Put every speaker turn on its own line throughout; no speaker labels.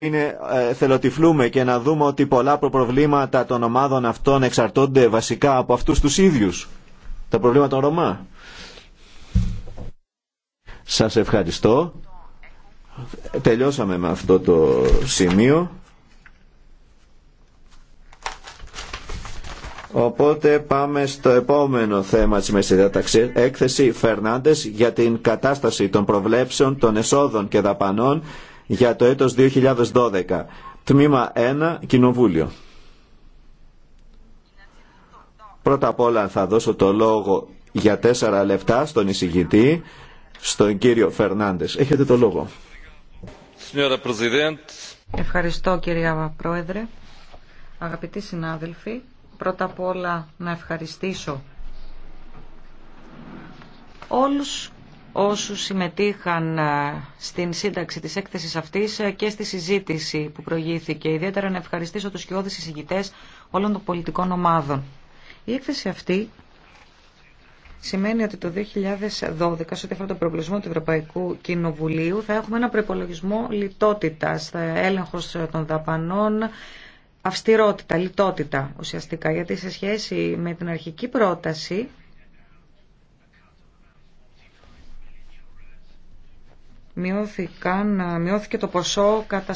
είναι, ε, θελοτυφλούμε και να δούμε ότι πολλά προβλήματα των ομάδων αυτών εξαρτώνται βασικά από αυτούς τους ίδιους. Τα προβλήματα των Ρωμά. Σας ευχαριστώ. Τελειώσαμε με αυτό το σημείο. Οπότε πάμε στο επόμενο θέμα της μεσηδιάταξης. Έκθεση Φερνάντες για την κατάσταση των προβλέψεων των εσόδων και δαπανών για το έτος 2012. Τμήμα 1, Κοινοβούλιο. Πρώτα απ' όλα θα δώσω το λόγο για τέσσερα λεπτά στον εισηγητή, στον κύριο Φερνάντες. Έχετε το λόγο.
Ευχαριστώ κυρία Πρόεδρε. Αγαπητοί συνάδελφοι, πρώτα απ' όλα να ευχαριστήσω όλους όσους συμμετείχαν ε, στην σύνταξη της έκθεσης αυτής ε, και στη συζήτηση που προηγήθηκε. Ιδιαίτερα να ευχαριστήσω τους κοιόδης συζητητές όλων των πολιτικών ομάδων. Η έκθεση αυτή σημαίνει ότι το 2012, σε ό,τι αφορά τον προπολογισμό του Ευρωπαϊκού Κοινοβουλίου, θα έχουμε ένα προπολογισμό λιτότητας, ε, έλεγχος των δαπανών, αυστηρότητα, λιτότητα ουσιαστικά, γιατί σε σχέση με την αρχική πρόταση μειώθηκε το ποσό κατά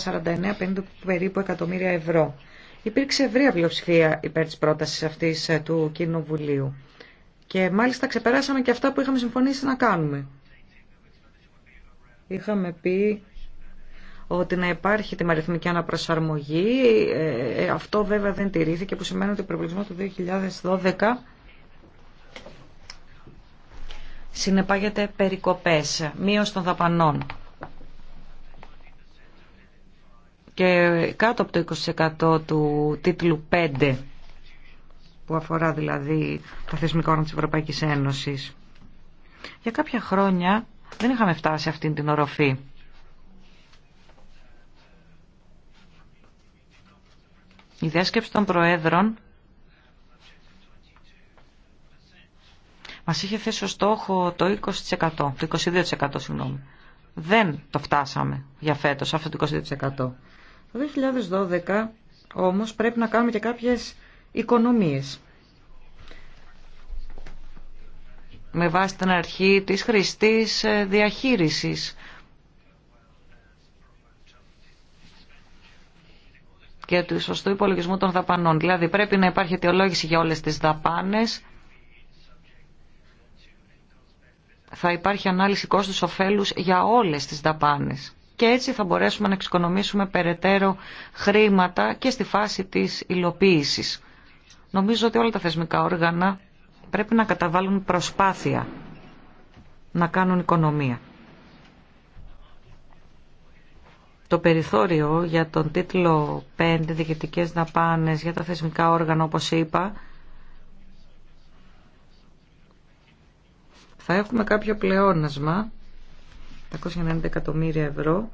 49-50 περίπου εκατομμύρια ευρώ. Υπήρξε ευρία πλειοψηφία υπέρ της πρότασης αυτής ε, του Κοινοβουλίου. Και μάλιστα ξεπεράσαμε και αυτά που είχαμε συμφωνήσει να κάνουμε. Είχαμε πει ότι να υπάρχει τη μαριθμική αναπροσαρμογή. Ε, ε, αυτό βέβαια δεν τηρήθηκε, που σημαίνει ότι ο του 2012 συνεπάγεται περικοπές, μείωση των δαπανών. Και κάτω από το 20% του τίτλου 5, που αφορά δηλαδή τα θεσμικά όργανα της Ευρωπαϊκής Ένωσης. Για κάποια χρόνια δεν είχαμε φτάσει αυτήν την οροφή. Η διάσκεψη των Προέδρων Μας είχε θέσει ως στόχο το 20%, το 22% συγγνώμη. Δεν το φτάσαμε για φέτος αυτό το 22%. Το 2012 όμως πρέπει να κάνουμε και κάποιες οικονομίες. Με βάση την αρχή της χρηστής ε, διαχείρισης. και του σωστού υπολογισμού των δαπανών. Δηλαδή πρέπει να υπάρχει αιτιολόγηση για όλες τις δαπάνες θα υπάρχει ανάλυση κόστους ωφέλους για όλες τις δαπάνες. Και έτσι θα μπορέσουμε να εξοικονομήσουμε περαιτέρω χρήματα και στη φάση της υλοποίησης. Νομίζω ότι όλα τα θεσμικά όργανα πρέπει να καταβάλουν προσπάθεια να κάνουν οικονομία. Το περιθώριο για τον τίτλο 5 διοικητικές δαπάνες για τα θεσμικά όργανα όπως είπα θα έχουμε κάποιο πλεόνασμα 190 εκατομμύρια ευρώ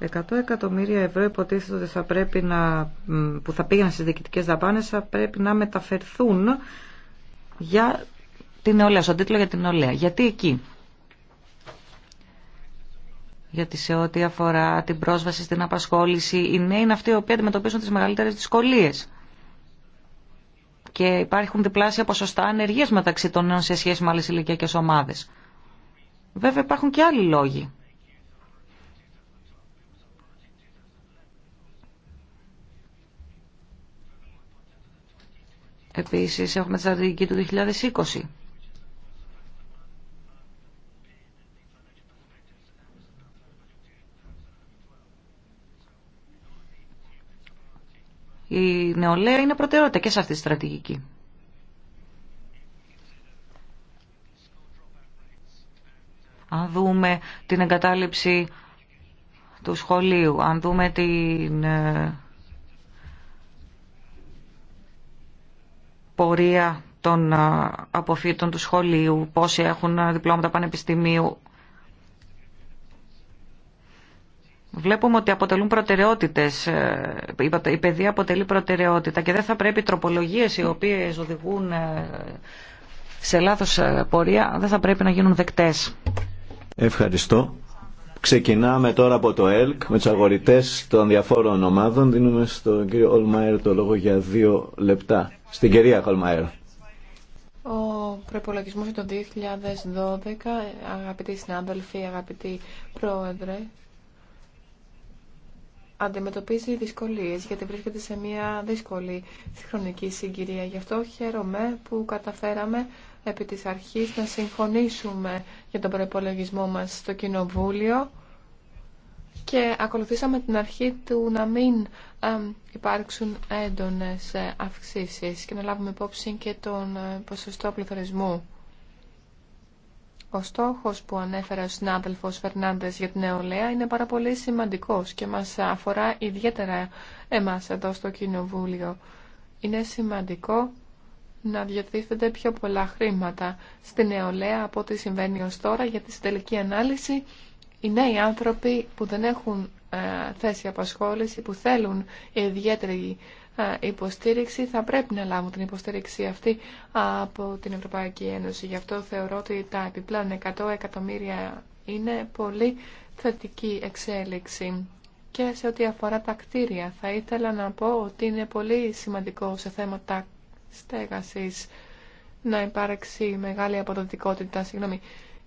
100 εκατομμύρια ευρώ υποτίθεται ότι θα πρέπει να, που θα πήγαιναν στις διοικητικές δαπάνες θα πρέπει να μεταφερθούν για την νεολαία, στον τίτλο για την νεολαία. Γιατί εκεί. Γιατί σε ό,τι αφορά την πρόσβαση στην απασχόληση, οι νέοι είναι αυτοί οι οποίοι αντιμετωπίζουν τις μεγαλύτερες δυσκολίες και υπάρχουν διπλάσια ποσοστά ανεργία μεταξύ των νέων σε σχέση με άλλε ηλικιακέ ομάδε. Βέβαια υπάρχουν και άλλοι λόγοι. Επίσης έχουμε τη στρατηγική του 2020 η νεολαία είναι προτεραιότητα και σε αυτή τη στρατηγική. Αν δούμε την εγκατάλειψη του σχολείου, αν δούμε την ε, πορεία των ε, αποφύτων του σχολείου, πόσοι έχουν ε, διπλώματα πανεπιστημίου, Βλέπουμε ότι αποτελούν προτεραιότητες, ε, η παιδεία αποτελεί προτεραιότητα και δεν θα πρέπει τροπολογίες οι οποίες οδηγούν ε, σε λάθος ε, πορεία, δεν θα πρέπει να γίνουν δεκτές.
Ευχαριστώ. Ξεκινάμε τώρα από το ΕΛΚ με του αγορητέ των διαφόρων ομάδων. Δίνουμε στον κύριο Ολμαέρ το λόγο για δύο λεπτά. Στην κυρία Ολμαέρ.
Ο προπολογισμό για το 2012, αγαπητοί συνάδελφοι, αγαπητοί πρόεδρε, αντιμετωπίζει δυσκολίες γιατί βρίσκεται σε μια δύσκολη χρονική συγκυρία. Γι' αυτό χαίρομαι που καταφέραμε επί της αρχής να συμφωνήσουμε για τον προπολογισμό μας στο Κοινοβούλιο και ακολουθήσαμε την αρχή του να μην υπάρξουν έντονες ε, αυξήσεις και να λάβουμε υπόψη και τον ε, ποσοστό πληθωρισμού. Ο στόχος που ανέφερε ο συνάδελφος Φερνάντες για την νεολαία είναι πάρα πολύ σημαντικός και μας αφορά ιδιαίτερα εμάς εδώ στο Κοινοβούλιο. Είναι σημαντικό να διατίθενται πιο πολλά χρήματα στην νεολαία από ό,τι συμβαίνει ως τώρα, γιατί στην τελική ανάλυση οι νέοι άνθρωποι που δεν έχουν ε, θέση απασχόληση, που θέλουν ιδιαίτερη ε, υποστήριξη θα πρέπει να λάβουν την υποστήριξη αυτή από την Ευρωπαϊκή Ένωση. Γι' αυτό θεωρώ ότι τα επιπλέον 100 εκατομμύρια είναι πολύ θετική εξέλιξη. Και σε ό,τι αφορά τα κτίρια, θα ήθελα να πω ότι είναι πολύ σημαντικό σε θέματα στέγασης να υπάρξει μεγάλη αποδοτικότητα. Συγγνώμη,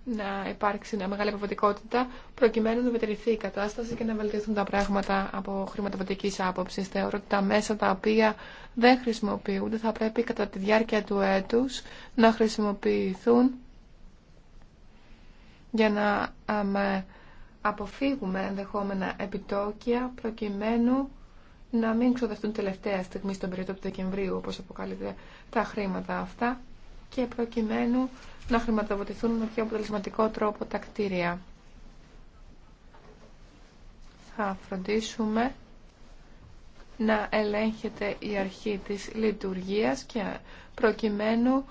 να υπάρξει μια μεγάλη αποβατικότητα προκειμένου να μετρηθεί η κατάσταση και να βελτιωθούν τα πράγματα από χρηματοδοτική άποψη. Θεωρώ ότι τα μέσα τα οποία δεν χρησιμοποιούνται θα πρέπει κατά τη διάρκεια του έτου να χρησιμοποιηθούν για να αποφύγουμε ενδεχόμενα επιτόκια προκειμένου να μην ξοδευτούν τελευταία στιγμή στον περίοδο του Δεκεμβρίου, όπως αποκαλείται τα χρήματα αυτά και προκειμένου να χρηματοδοτηθούν με πιο αποτελεσματικό τρόπο τα κτίρια. Θα φροντίσουμε να ελέγχεται η αρχή της λειτουργίας και προκειμένου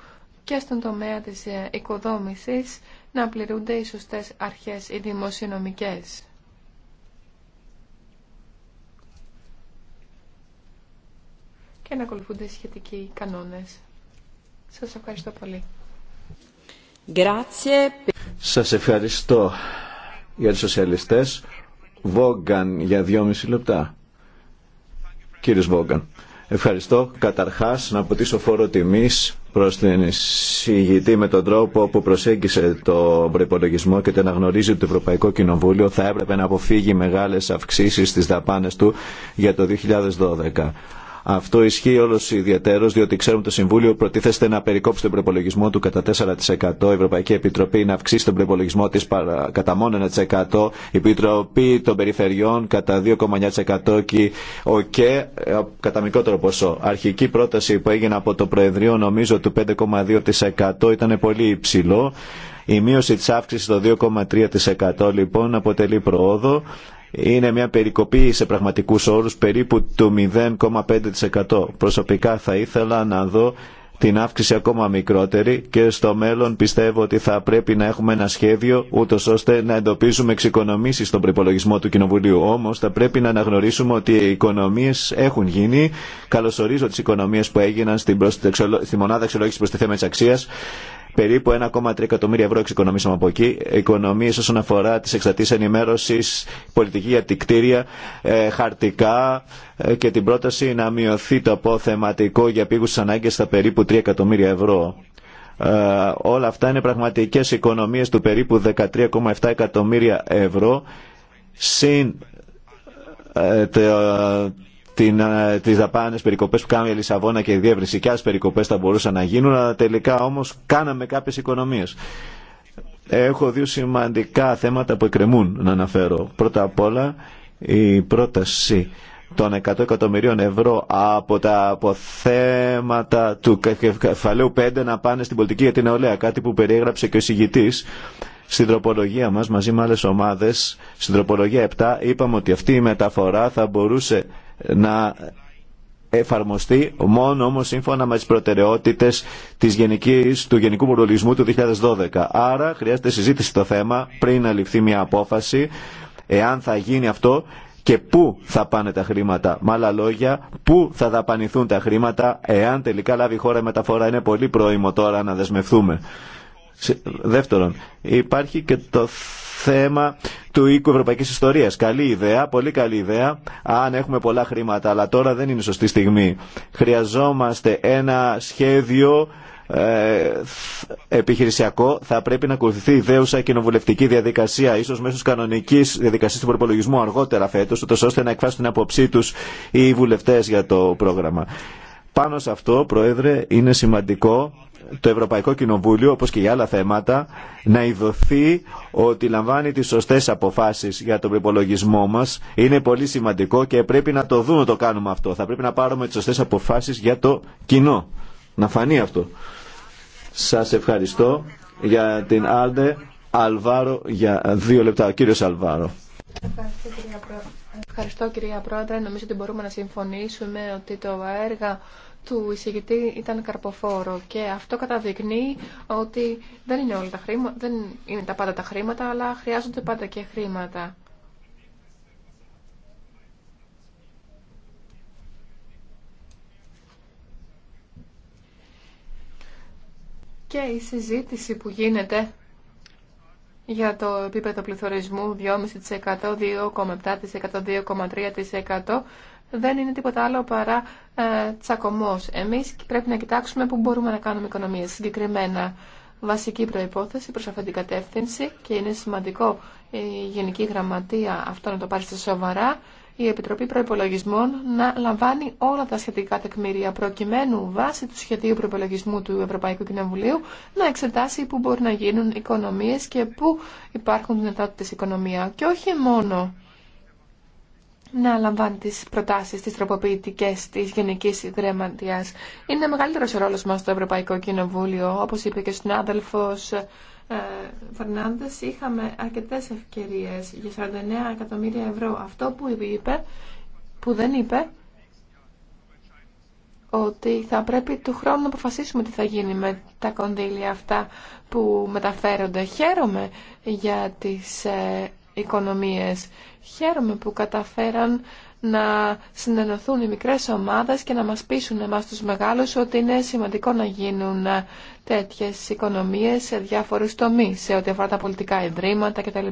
και στον τομέα της ε, οικοδόμησης να πληρούνται οι σωστές αρχές οι δημοσιονομικές. και να ακολουθούνται οι σχετικοί κανόνες. Σας ευχαριστώ πολύ.
Σας ευχαριστώ για τους σοσιαλιστές. Βόγκαν για δυόμιση λεπτά. Κύριος Βόγκαν. Ευχαριστώ. Καταρχάς να αποτίσω φόρο τιμής προς την εισηγητή με τον τρόπο που προσέγγισε το προπολογισμό και την αναγνωρίζει ότι το Ευρωπαϊκό Κοινοβούλιο θα έπρεπε να αποφύγει μεγάλες αυξήσεις στις δαπάνες του για το 2012. Αυτό ισχύει όλο ιδιαίτερο, διότι ξέρουμε το Συμβούλιο προτίθεται να περικόψει τον προπολογισμό του κατά 4%. Η Ευρωπαϊκή Επιτροπή να αυξήσει τον προπολογισμό τη κατά μόνο 1%. Η Επιτροπή των Περιφερειών κατά 2,9% και ο ΚΕ ε, κατά μικρότερο ποσό. Αρχική πρόταση που έγινε από το Προεδρείο, νομίζω, του 5,2% ήταν πολύ υψηλό. Η μείωση της αύξησης το 2,3% λοιπόν αποτελεί προόδο είναι μια περικοπή σε πραγματικούς όρους περίπου του 0,5%. Προσωπικά θα ήθελα να δω την αύξηση ακόμα μικρότερη και στο μέλλον πιστεύω ότι θα πρέπει να έχουμε ένα σχέδιο ούτω ώστε να εντοπίζουμε εξοικονομήσει στον προπολογισμό του Κοινοβουλίου. Όμω θα πρέπει να αναγνωρίσουμε ότι οι οικονομίε έχουν γίνει. Καλωσορίζω τι οικονομίε που έγιναν στην, προστεξολο... στη μονάδα αξιολόγηση προστιθέμενη αξία. Περίπου 1,3 εκατομμύρια ευρώ εξοικονομήσαμε από εκεί. οικονομίε όσον αφορά τις εξατήσεις ενημέρωση, πολιτική ε, χαρτικά ε, και την πρόταση να μειωθεί το αποθεματικό για πήγους ανάγκε στα περίπου 3 εκατομμύρια ευρώ. Ε, όλα αυτά είναι πραγματικές οικονομίε του περίπου 13,7 εκατομμύρια ευρώ συν ε, την, ε, τις δαπάνες περικοπές που κάναμε η Λισαβόνα και η διεύρυνση και άλλε περικοπές θα μπορούσαν να γίνουν, αλλά τελικά όμως κάναμε κάποιες οικονομίες. Έχω δύο σημαντικά θέματα που εκκρεμούν να αναφέρω. Πρώτα απ' όλα η πρόταση των 100 εκατομμυρίων ευρώ από τα αποθέματα του κεφαλαίου 5 να πάνε στην πολιτική για την νεολαία, κάτι που περιέγραψε και ο συγητής. Στην τροπολογία μας μαζί με άλλες ομάδες, στην τροπολογία 7 είπαμε ότι αυτή η μεταφορά θα μπορούσε να εφαρμοστεί μόνο όμως σύμφωνα με τις προτεραιότητες της γενικής, του Γενικού Προλογισμού του 2012. Άρα χρειάζεται συζήτηση το θέμα πριν να ληφθεί μια απόφαση εάν θα γίνει αυτό και πού θα πάνε τα χρήματα. Με άλλα λόγια, πού θα δαπανηθούν τα χρήματα εάν τελικά λάβει η χώρα μεταφορά. Είναι πολύ πρόημο τώρα να δεσμευθούμε. Δεύτερον, υπάρχει και το θέμα του οίκου ευρωπαϊκή ιστορία. Καλή ιδέα, πολύ καλή ιδέα, αν έχουμε πολλά χρήματα, αλλά τώρα δεν είναι σωστή στιγμή. Χρειαζόμαστε ένα σχέδιο ε, επιχειρησιακό. Θα πρέπει να ακολουθηθεί ιδέουσα κοινοβουλευτική διαδικασία, ίσω μέσω κανονική διαδικασία του προπολογισμού αργότερα φέτο, ώστε να εκφράσουν την άποψή του οι βουλευτέ για το πρόγραμμα. Πάνω σε αυτό, Πρόεδρε, είναι σημαντικό το Ευρωπαϊκό Κοινοβούλιο, όπως και για άλλα θέματα, να ειδωθεί ότι λαμβάνει τις σωστές αποφάσεις για τον προπολογισμό μας. Είναι πολύ σημαντικό και πρέπει να το δούμε το κάνουμε αυτό. Θα πρέπει να πάρουμε τις σωστές αποφάσεις για το κοινό. Να φανεί αυτό. Σας ευχαριστώ για την Άλντε Αλβάρο για δύο λεπτά. κύριος Αλβάρο.
Ευχαριστώ κυρία Πρόεδρε. Νομίζω ότι μπορούμε να συμφωνήσουμε ότι το έργο του εισηγητή ήταν καρποφόρο και αυτό καταδεικνύει ότι δεν είναι όλα τα χρήματα, δεν είναι τα πάντα τα χρήματα, αλλά χρειάζονται πάντα και χρήματα. Και η συζήτηση που γίνεται για το επίπεδο πληθωρισμού 2,5%, 2,7%, 2,3% δεν είναι τίποτα άλλο παρά ε, τσακωμός. Εμείς πρέπει να κοιτάξουμε πού μπορούμε να κάνουμε οικονομία. συγκεκριμένα. Βασική προϋπόθεση προς αυτή την κατεύθυνση και είναι σημαντικό η Γενική Γραμματεία αυτό να το πάρει σε σοβαρά η Επιτροπή Προπολογισμών να λαμβάνει όλα τα σχετικά τεκμήρια προκειμένου βάσει του σχεδίου προπολογισμού του Ευρωπαϊκού Κοινοβουλίου να εξετάσει πού μπορούν να γίνουν οικονομίες και πού υπάρχουν δυνατότητες οικονομία και όχι μόνο να λαμβάνει τις προτάσεις, τις τροποποιητικές της Γενικής Γραμματείας. Είναι μεγαλύτερος ο ρόλος μας στο Ευρωπαϊκό Κοινοβούλιο. Όπως είπε και ο άδελφος ε, Φερνάντες, είχαμε αρκετές ευκαιρίες για 49 εκατομμύρια ευρώ. Αυτό που είπε, που δεν είπε, ότι θα πρέπει του χρόνου να αποφασίσουμε τι θα γίνει με τα κονδύλια αυτά που μεταφέρονται. Χαίρομαι για τις ε, οικονομίες. Χαίρομαι που καταφέραν να συνενωθούν οι μικρές ομάδες και να μας πείσουν εμάς τους μεγάλους ότι είναι σημαντικό να γίνουν τέτοιες οικονομίες σε διάφορους τομείς, σε ό,τι αφορά τα πολιτικά ιδρύματα κτλ.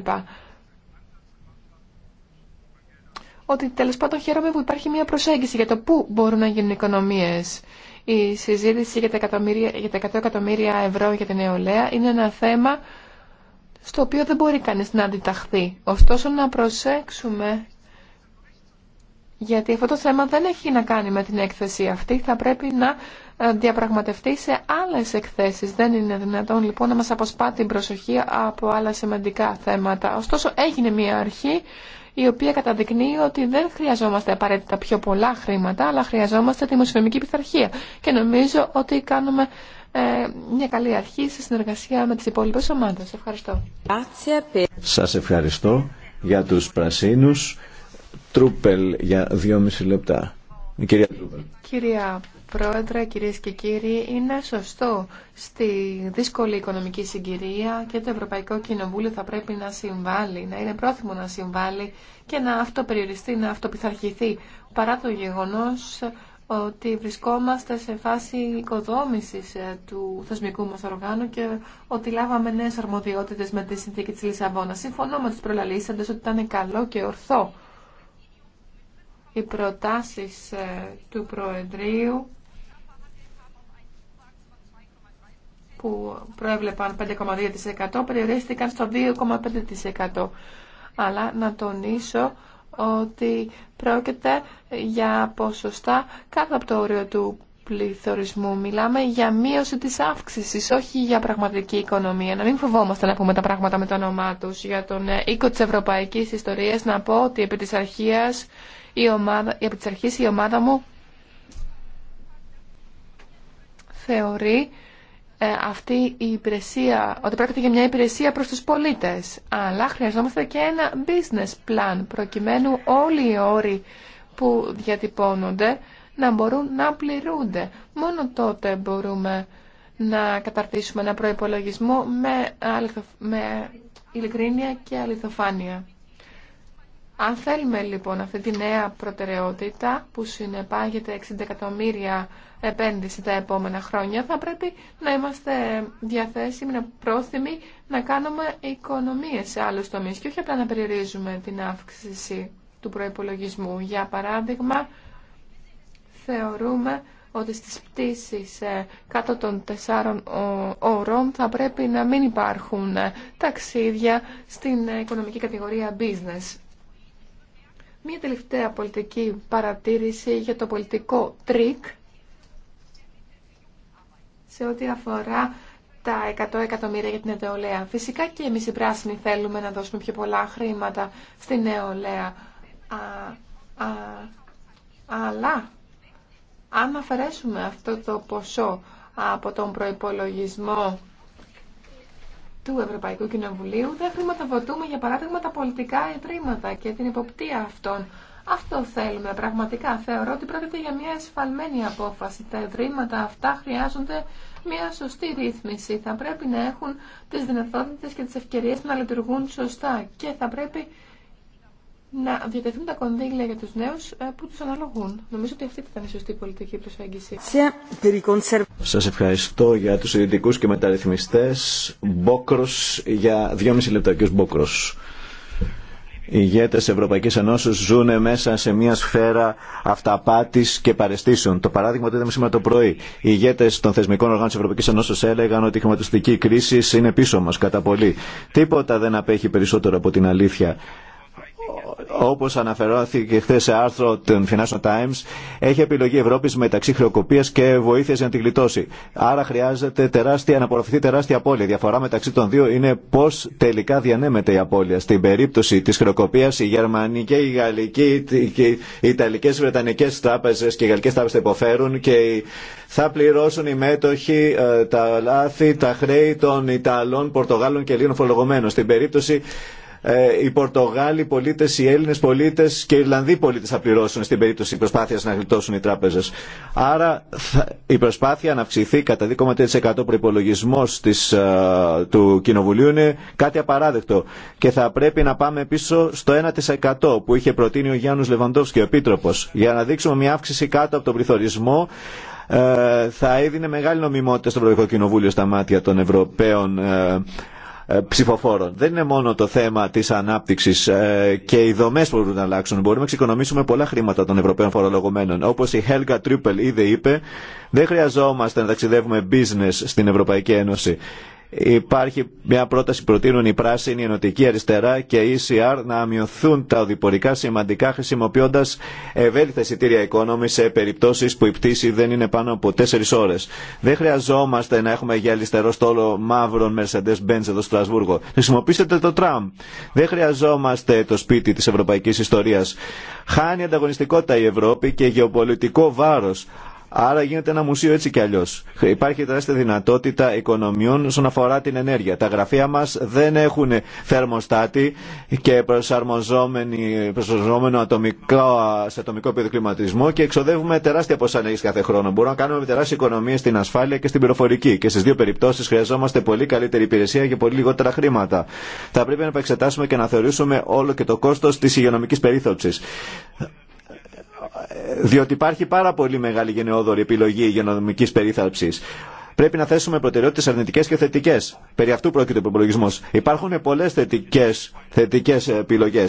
Ότι τέλος πάντων χαίρομαι που υπάρχει μια προσέγγιση για το πού μπορούν να γίνουν οικονομίες. Η συζήτηση για τα, για τα 100 εκατομμύρια ευρώ για την νεολαία είναι ένα θέμα στο οποίο δεν μπορεί κανείς να αντιταχθεί. Ωστόσο να προσέξουμε, γιατί αυτό το θέμα δεν έχει να κάνει με την έκθεση αυτή, θα πρέπει να ε, διαπραγματευτεί σε άλλες εκθέσεις. Δεν είναι δυνατόν λοιπόν να μας αποσπά την προσοχή από άλλα σημαντικά θέματα. Ωστόσο έγινε μια αρχή η οποία καταδεικνύει ότι δεν χρειαζόμαστε απαραίτητα πιο πολλά χρήματα, αλλά χρειαζόμαστε τη δημοσιονομική πειθαρχία. Και νομίζω ότι κάνουμε ε, μια καλή αρχή σε συνεργασία με τις υπόλοιπες ομάδες. Ευχαριστώ.
Σας ευχαριστώ για τους πρασίνους. Τρούπελ για μισή λεπτά. Κυρία
Κυρία Πρόεδρε, κυρίες και κύριοι, είναι σωστό στη δύσκολη οικονομική συγκυρία και το Ευρωπαϊκό Κοινοβούλιο θα πρέπει να συμβάλλει, να είναι πρόθυμο να συμβάλλει και να αυτοπεριοριστεί, να αυτοπιθαρχηθεί παρά το γεγονός ότι βρισκόμαστε σε φάση οικοδόμησης ε, του θεσμικού μας οργάνου και ότι λάβαμε νέες αρμοδιότητες με τη συνθήκη της Λισαβόνας. Συμφωνώ με τους προλαλήσαντες ότι ήταν καλό και ορθό οι προτάσεις ε, του Προεδρείου που προέβλεπαν 5,2% περιορίστηκαν στο 2,5%. Αλλά να τονίσω ότι πρόκειται για ποσοστά κάτω από το όριο του πληθωρισμού. Μιλάμε για μείωση της αύξησης, όχι για πραγματική οικονομία. Να μην φοβόμαστε να πούμε τα πράγματα με το όνομά του, Για τον ε, οίκο της ευρωπαϊκής ιστορίας να πω ότι επί της, η ομάδα, επί της η ομάδα μου θεωρεί ε, αυτή η υπηρεσία, ότι πρόκειται για μια υπηρεσία προς τους πολίτες. Αλλά χρειαζόμαστε και ένα business plan, προκειμένου όλοι οι όροι που διατυπώνονται να μπορούν να πληρούνται. Μόνο τότε μπορούμε να καταρτήσουμε ένα προϋπολογισμό με, αληθο... με ειλικρίνεια και αληθοφάνεια. Αν θέλουμε λοιπόν αυτή τη νέα προτεραιότητα που συνεπάγεται 60 εκατομμύρια επένδυση τα επόμενα χρόνια, θα πρέπει να είμαστε διαθέσιμοι, να πρόθυμοι να κάνουμε οικονομίες σε άλλους τομείς και όχι απλά να περιορίζουμε την αύξηση του προϋπολογισμού. Για παράδειγμα, θεωρούμε ότι στις πτήσεις ε, κάτω των τεσσάρων ώρων θα πρέπει να μην υπάρχουν ταξίδια στην ε, οικονομική κατηγορία business. Μία τελευταία πολιτική παρατήρηση για το πολιτικό τρίκ σε ό,τι αφορά τα 100 εκατομμύρια για την νεολαία. Φυσικά και εμείς οι πράσινοι θέλουμε να δώσουμε πιο πολλά χρήματα στη νεολαία. Α, α, αλλά αν αφαιρέσουμε αυτό το ποσό από τον προϋπολογισμό του Ευρωπαϊκού Κοινοβουλίου δεν χρηματοδοτούμε για παράδειγμα τα πολιτικά ιδρύματα και την υποπτία αυτών. Αυτό θέλουμε πραγματικά. Θεωρώ ότι πρόκειται για μια εσφαλμένη απόφαση. Τα ιδρύματα αυτά χρειάζονται μια σωστή ρύθμιση. Θα πρέπει να έχουν τις δυνατότητες και τις ευκαιρίες να λειτουργούν σωστά και θα πρέπει να διατεθούν τα κονδύλια για τους νέους ε, που τους αναλογούν. Νομίζω ότι αυτή ήταν η σωστή πολιτική προσέγγιση.
Σας ευχαριστώ για τους ειδικούς και μεταρρυθμιστές. Μπόκρος για 2,5 λεπτά. Κύριος Μπόκρος. Οι ηγέτες Ευρωπαϊκής Ενώσης ζουν μέσα σε μια σφαίρα αυταπάτης και παρεστήσεων. Το παράδειγμα το είδαμε σήμερα το πρωί. Οι ηγέτες των θεσμικών οργάνων της Ευρωπαϊκής Ενώσης έλεγαν ότι η χρηματοστική κρίση είναι πίσω μας κατά πολύ. Τίποτα δεν απέχει περισσότερο από την αλήθεια όπως αναφερόθηκε χθε σε άρθρο των Financial Times, έχει επιλογή Ευρώπη μεταξύ χρεοκοπία και βοήθεια για να τη γλιτώσει. Άρα χρειάζεται τεράστια, να απορροφηθεί τεράστια απώλεια. διαφορά μεταξύ των δύο είναι πώ τελικά διανέμεται η απώλεια. Στην περίπτωση τη χρεοκοπία, η γερμανικέ, οι γαλλική, οι ιταλικές, οι βρετανικέ τράπεζε και οι Γαλλικέ τράπεζε υποφέρουν και θα πληρώσουν οι μέτοχοι ε, τα λάθη, τα χρέη των Ιταλών, Πορτογάλων και Ελλήνων φορολογωμένων. Στην περίπτωση ε, οι Πορτογάλοι πολίτε, οι Έλληνε πολίτε και οι Ιρλανδοί πολίτε θα πληρώσουν στην περίπτωση προσπάθεια να γλιτώσουν οι τράπεζε. Άρα η προσπάθεια να αυξηθεί κατά 2,3% προπολογισμό ε, του Κοινοβουλίου είναι κάτι απαράδεκτο. Και θα πρέπει να πάμε πίσω στο 1% που είχε προτείνει ο Γιάννου Λεβαντόφσκι, ο Επίτροπο, για να δείξουμε μια αύξηση κάτω από τον πληθωρισμό ε, θα έδινε μεγάλη νομιμότητα στο Ευρωπαϊκό Κοινοβούλιο στα μάτια των Ευρωπαίων ε, ψηφοφόρων. Δεν είναι μόνο το θέμα τη ανάπτυξη ε, και οι δομέ που μπορούν να αλλάξουν. Μπορούμε να εξοικονομήσουμε πολλά χρήματα των Ευρωπαίων φορολογουμένων. Όπω η Helga Triple ήδη είπε, δεν χρειαζόμαστε να ταξιδεύουμε business στην Ευρωπαϊκή Ένωση. Υπάρχει μια πρόταση που προτείνουν οι πράσινοι, η ενωτική αριστερά και η ECR να μειωθούν τα οδηπορικά σημαντικά χρησιμοποιώντα ευέλικτα εισιτήρια οικόνομη σε περιπτώσει που η πτήση δεν είναι πάνω από 4 ώρε. Δεν χρειαζόμαστε να έχουμε για αριστερο στόλο μαύρων Mercedes Benz εδώ στο Στρασβούργο. Χρησιμοποιήστε το τραμ. Δεν χρειαζόμαστε το σπίτι τη ευρωπαϊκή ιστορία. Χάνει ανταγωνιστικότητα η Ευρώπη και γεωπολιτικό βάρο Άρα γίνεται ένα μουσείο έτσι κι αλλιώ. Υπάρχει τεράστια δυνατότητα οικονομιών όσον αφορά την ενέργεια. Τα γραφεία μα δεν έχουν θερμοστάτη και προσαρμοζόμενο ατομικό, σε ατομικό επίπεδο και εξοδεύουμε τεράστια ποσά ενέργεια κάθε χρόνο. Μπορούμε να κάνουμε τεράστια οικονομίε στην ασφάλεια και στην πληροφορική. Και στι δύο περιπτώσει χρειαζόμαστε πολύ καλύτερη υπηρεσία και πολύ λιγότερα χρήματα. Θα πρέπει να επεξετάσουμε και να θεωρήσουμε όλο και το κόστο τη υγειονομική περίθαλψη διότι υπάρχει πάρα πολύ μεγάλη γενναιόδορη επιλογή υγειονομική περίθαλψη. Πρέπει να θέσουμε προτεραιότητε αρνητικέ και θετικέ. Περί αυτού πρόκειται ο προπολογισμό. Υπάρχουν πολλέ θετικέ επιλογέ.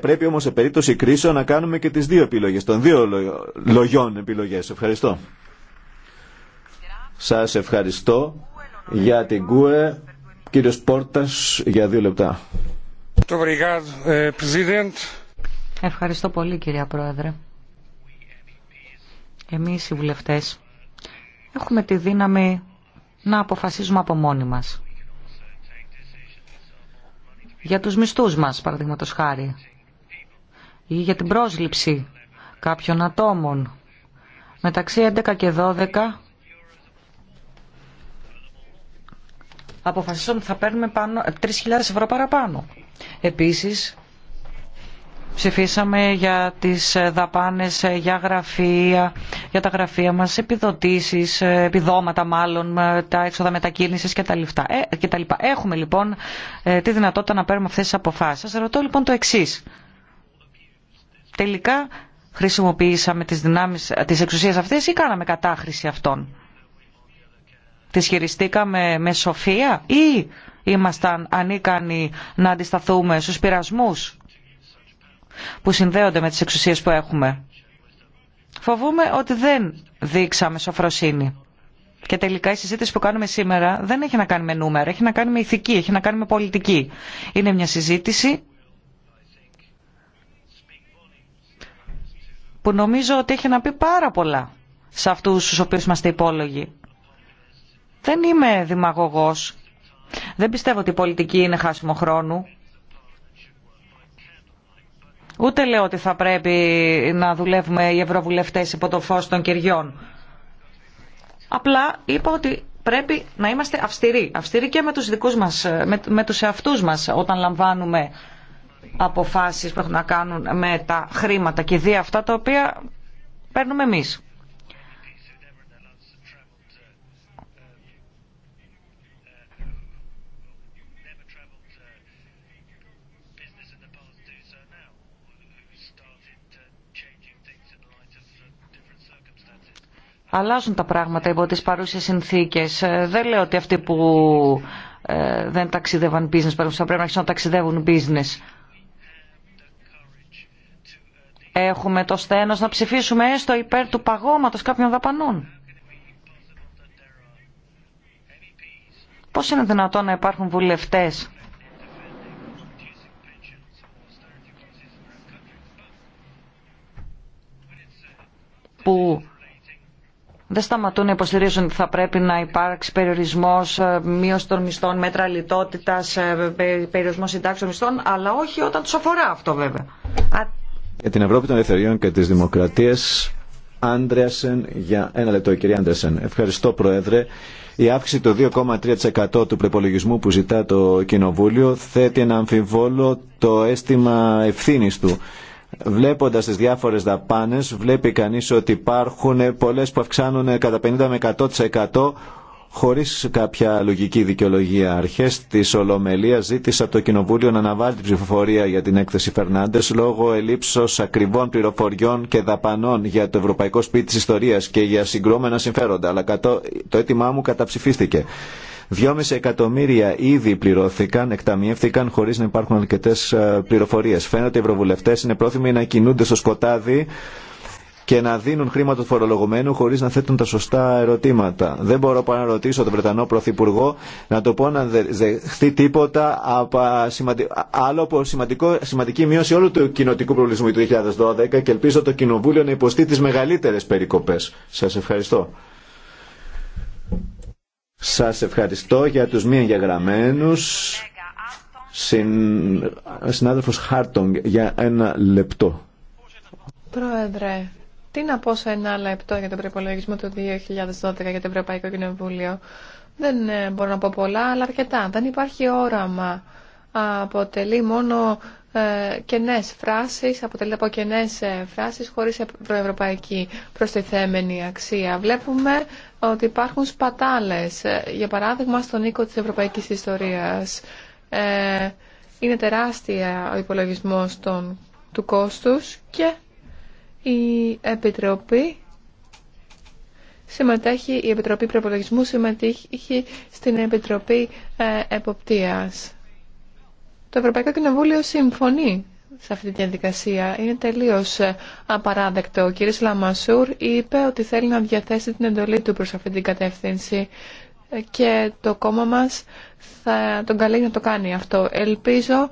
πρέπει όμω σε περίπτωση κρίσεων να κάνουμε και τι δύο επιλογέ, των δύο λογιών επιλογέ. Ευχαριστώ. Σα ευχαριστώ για την ΚΟΕ. Κύριο Πόρτα, για δύο λεπτά.
Ευχαριστώ πολύ, κυρία Πρόεδρε. Εμείς οι βουλευτές έχουμε τη δύναμη να αποφασίζουμε από μόνοι μας. Για τους μισθούς μας, παραδείγματο χάρη, ή για την πρόσληψη κάποιων ατόμων. Μεταξύ 11 και 12 αποφασίσαμε ότι θα παίρνουμε πάνω, 3.000 ε, ευρώ παραπάνω. Επίσης, Ψηφίσαμε για τις δαπάνες για γραφεία, για τα γραφεία μας, επιδοτήσεις, επιδόματα μάλλον, τα έξοδα μετακίνησης κτλ. Ε, λοιπά. Έχουμε λοιπόν ε, τη δυνατότητα να παίρνουμε αυτές τις αποφάσεις. Σας ρωτώ λοιπόν το εξή. Τελικά χρησιμοποιήσαμε τις δυνάμεις της εξουσίας αυτές ή κάναμε κατάχρηση αυτών. Τις χειριστήκαμε με σοφία ή ήμασταν ανίκανοι να αντισταθούμε στους πειρασμούς που συνδέονται με τις εξουσίες που έχουμε. Φοβούμαι ότι δεν δείξαμε σοφροσύνη. Και τελικά η συζήτηση που κάνουμε σήμερα δεν έχει να κάνει με νούμερα, έχει να κάνει με ηθική, έχει να κάνει με πολιτική. Είναι μια συζήτηση που νομίζω ότι έχει να πει πάρα πολλά σε αυτούς στους οποίους είμαστε υπόλογοι. Δεν είμαι δημαγωγός. Δεν πιστεύω ότι η πολιτική είναι χάσιμο χρόνου. Ούτε λέω ότι θα πρέπει να δουλεύουμε οι ευρωβουλευτές υπό το φως των κεριών. Απλά είπα ότι πρέπει να είμαστε αυστηροί. Αυστηροί και με τους δικούς μας, με, με τους εαυτούς μας όταν λαμβάνουμε αποφάσεις που έχουν να κάνουν με τα χρήματα και δι' αυτά τα οποία παίρνουμε εμείς. αλλάζουν τα πράγματα υπό τις παρούσες συνθήκες. Ε, δεν λέω ότι αυτοί που ε, δεν ταξιδεύαν business, παρόλο θα πρέπει να αρχίσουν να ταξιδεύουν business. Έχουμε το στένος να ψηφίσουμε έστω υπέρ του παγώματος κάποιων δαπανών. Πώς είναι δυνατόν να υπάρχουν βουλευτές που δεν σταματούν να υποστηρίζουν ότι θα πρέπει να υπάρξει περιορισμό ε, μείωση των μισθών, μέτρα λιτότητα, ε, περιορισμό συντάξεων μισθών, αλλά όχι όταν του αφορά αυτό βέβαια.
Για την Ευρώπη των Ελευθεριών και τη Δημοκρατία, Άντρεασεν, για ένα λεπτό, κύριε κυρία Άντρεασεν. Ευχαριστώ, Πρόεδρε. Η αύξηση του 2,3% του προπολογισμού που ζητά το Κοινοβούλιο θέτει ένα αμφιβόλο το αίσθημα ευθύνη του Βλέποντας τις διάφορες δαπάνες βλέπει κανείς ότι υπάρχουν πολλές που αυξάνουν κατά 50 με 100% χωρίς κάποια λογική δικαιολογία. Αρχές της Ολομελίας ζήτησε από το Κοινοβούλιο να αναβάλει την ψηφοφορία για την έκθεση Φερνάντες λόγω ελήψεως ακριβών πληροφοριών και δαπανών για το Ευρωπαϊκό Σπίτι της Ιστορίας και για συγκρόμενα συμφέροντα. Αλλά το αίτημά μου καταψηφίστηκε. 2,5 εκατομμύρια ήδη πληρώθηκαν, εκταμιεύθηκαν χωρί να υπάρχουν αρκετέ ε, πληροφορίε. Φαίνεται οι ευρωβουλευτέ είναι πρόθυμοι να κινούνται στο σκοτάδι και να δίνουν χρήματα του φορολογουμένου χωρί να θέτουν τα σωστά ερωτήματα. Δεν μπορώ παρά να ρωτήσω τον Βρετανό Πρωθυπουργό να το πω να δεχθεί τίποτα από άλλο από σημαντικό, σημαντική μείωση όλου του κοινοτικού προβλησμού του 2012 και ελπίζω το Κοινοβούλιο να υποστεί τι μεγαλύτερε περικοπέ. Σα ευχαριστώ. Σας ευχαριστώ για τους μη εγγεγραμμένους. Συν... Συνάδελφος Χάρτονγκ, για ένα λεπτό.
Πρόεδρε, τι να πω σε ένα λεπτό για τον προπολογισμό του 2012 για το Ευρωπαϊκό Κοινοβούλιο. Δεν ε, μπορώ να πω πολλά, αλλά αρκετά. Δεν υπάρχει όραμα. Αποτελεί μόνο ε, κενές φράσεις, αποτελείται από κενές ε, φράσεις χωρίς προευρωπαϊκή προστιθέμενη αξία. Βλέπουμε ότι υπάρχουν σπατάλες. Για παράδειγμα, στον οίκο της Ευρωπαϊκής Ιστορίας ε, είναι τεράστια ο υπολογισμός του κόστους και η Επιτροπή συμμετέχει, η Επιτροπή Προπολογισμού συμμετείχε στην Επιτροπή ε, Εποπτείας. Το Ευρωπαϊκό Κοινοβούλιο συμφωνεί σε αυτή τη διαδικασία. Είναι τελείως ε, απαράδεκτο. Ο κ. Λαμασούρ είπε ότι θέλει να διαθέσει την εντολή του προς αυτή την κατεύθυνση ε, και το κόμμα μας θα τον καλεί να το κάνει αυτό. Ελπίζω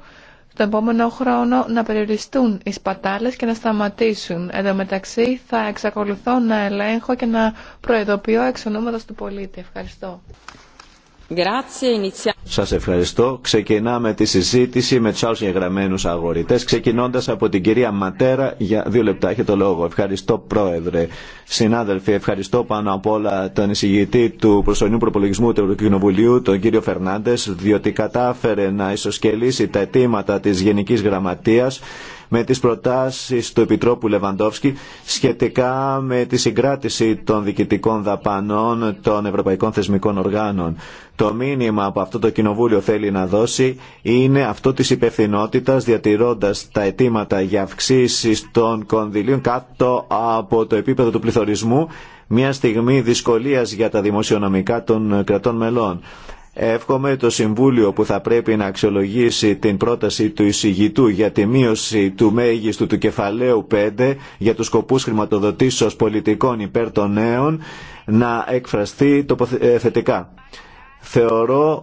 τον επόμενο χρόνο να περιοριστούν οι σπατάλες και να σταματήσουν. Εν μεταξύ θα εξακολουθώ να ελέγχω και να προειδοποιώ εξ του πολίτη. Ευχαριστώ.
Σας ευχαριστώ. Ξεκινάμε τη συζήτηση με τους άλλους εγγραμμένους αγορητές, ξεκινώντας από την κυρία Ματέρα για δύο λεπτά. Έχετε το λόγο. Ευχαριστώ Πρόεδρε. Συνάδελφοι, ευχαριστώ πάνω απ' όλα τον εισηγητή του προσωρινού προπολογισμού του Ευρωκοινοβουλίου, τον κύριο Φερνάντες, διότι κατάφερε να ισοσκελίσει τα αιτήματα της Γενικής Γραμματείας με τις προτάσεις του Επιτρόπου Λεβαντόφσκι σχετικά με τη συγκράτηση των διοικητικών δαπανών των ευρωπαϊκών θεσμικών οργάνων. Το μήνυμα που αυτό το Κοινοβούλιο θέλει να δώσει είναι αυτό της υπευθυνότητας διατηρώντας τα αιτήματα για αυξήσει των κονδυλίων κάτω από το επίπεδο του πληθωρισμού μια στιγμή δυσκολίας για τα δημοσιονομικά των κρατών μελών. Εύχομαι το Συμβούλιο που θα πρέπει να αξιολογήσει την πρόταση του εισηγητού για τη μείωση του μέγιστου του κεφαλαίου 5 για τους σκοπούς χρηματοδοτήσεως πολιτικών υπέρ των νέων να εκφραστεί ε, θετικά. Θεωρώ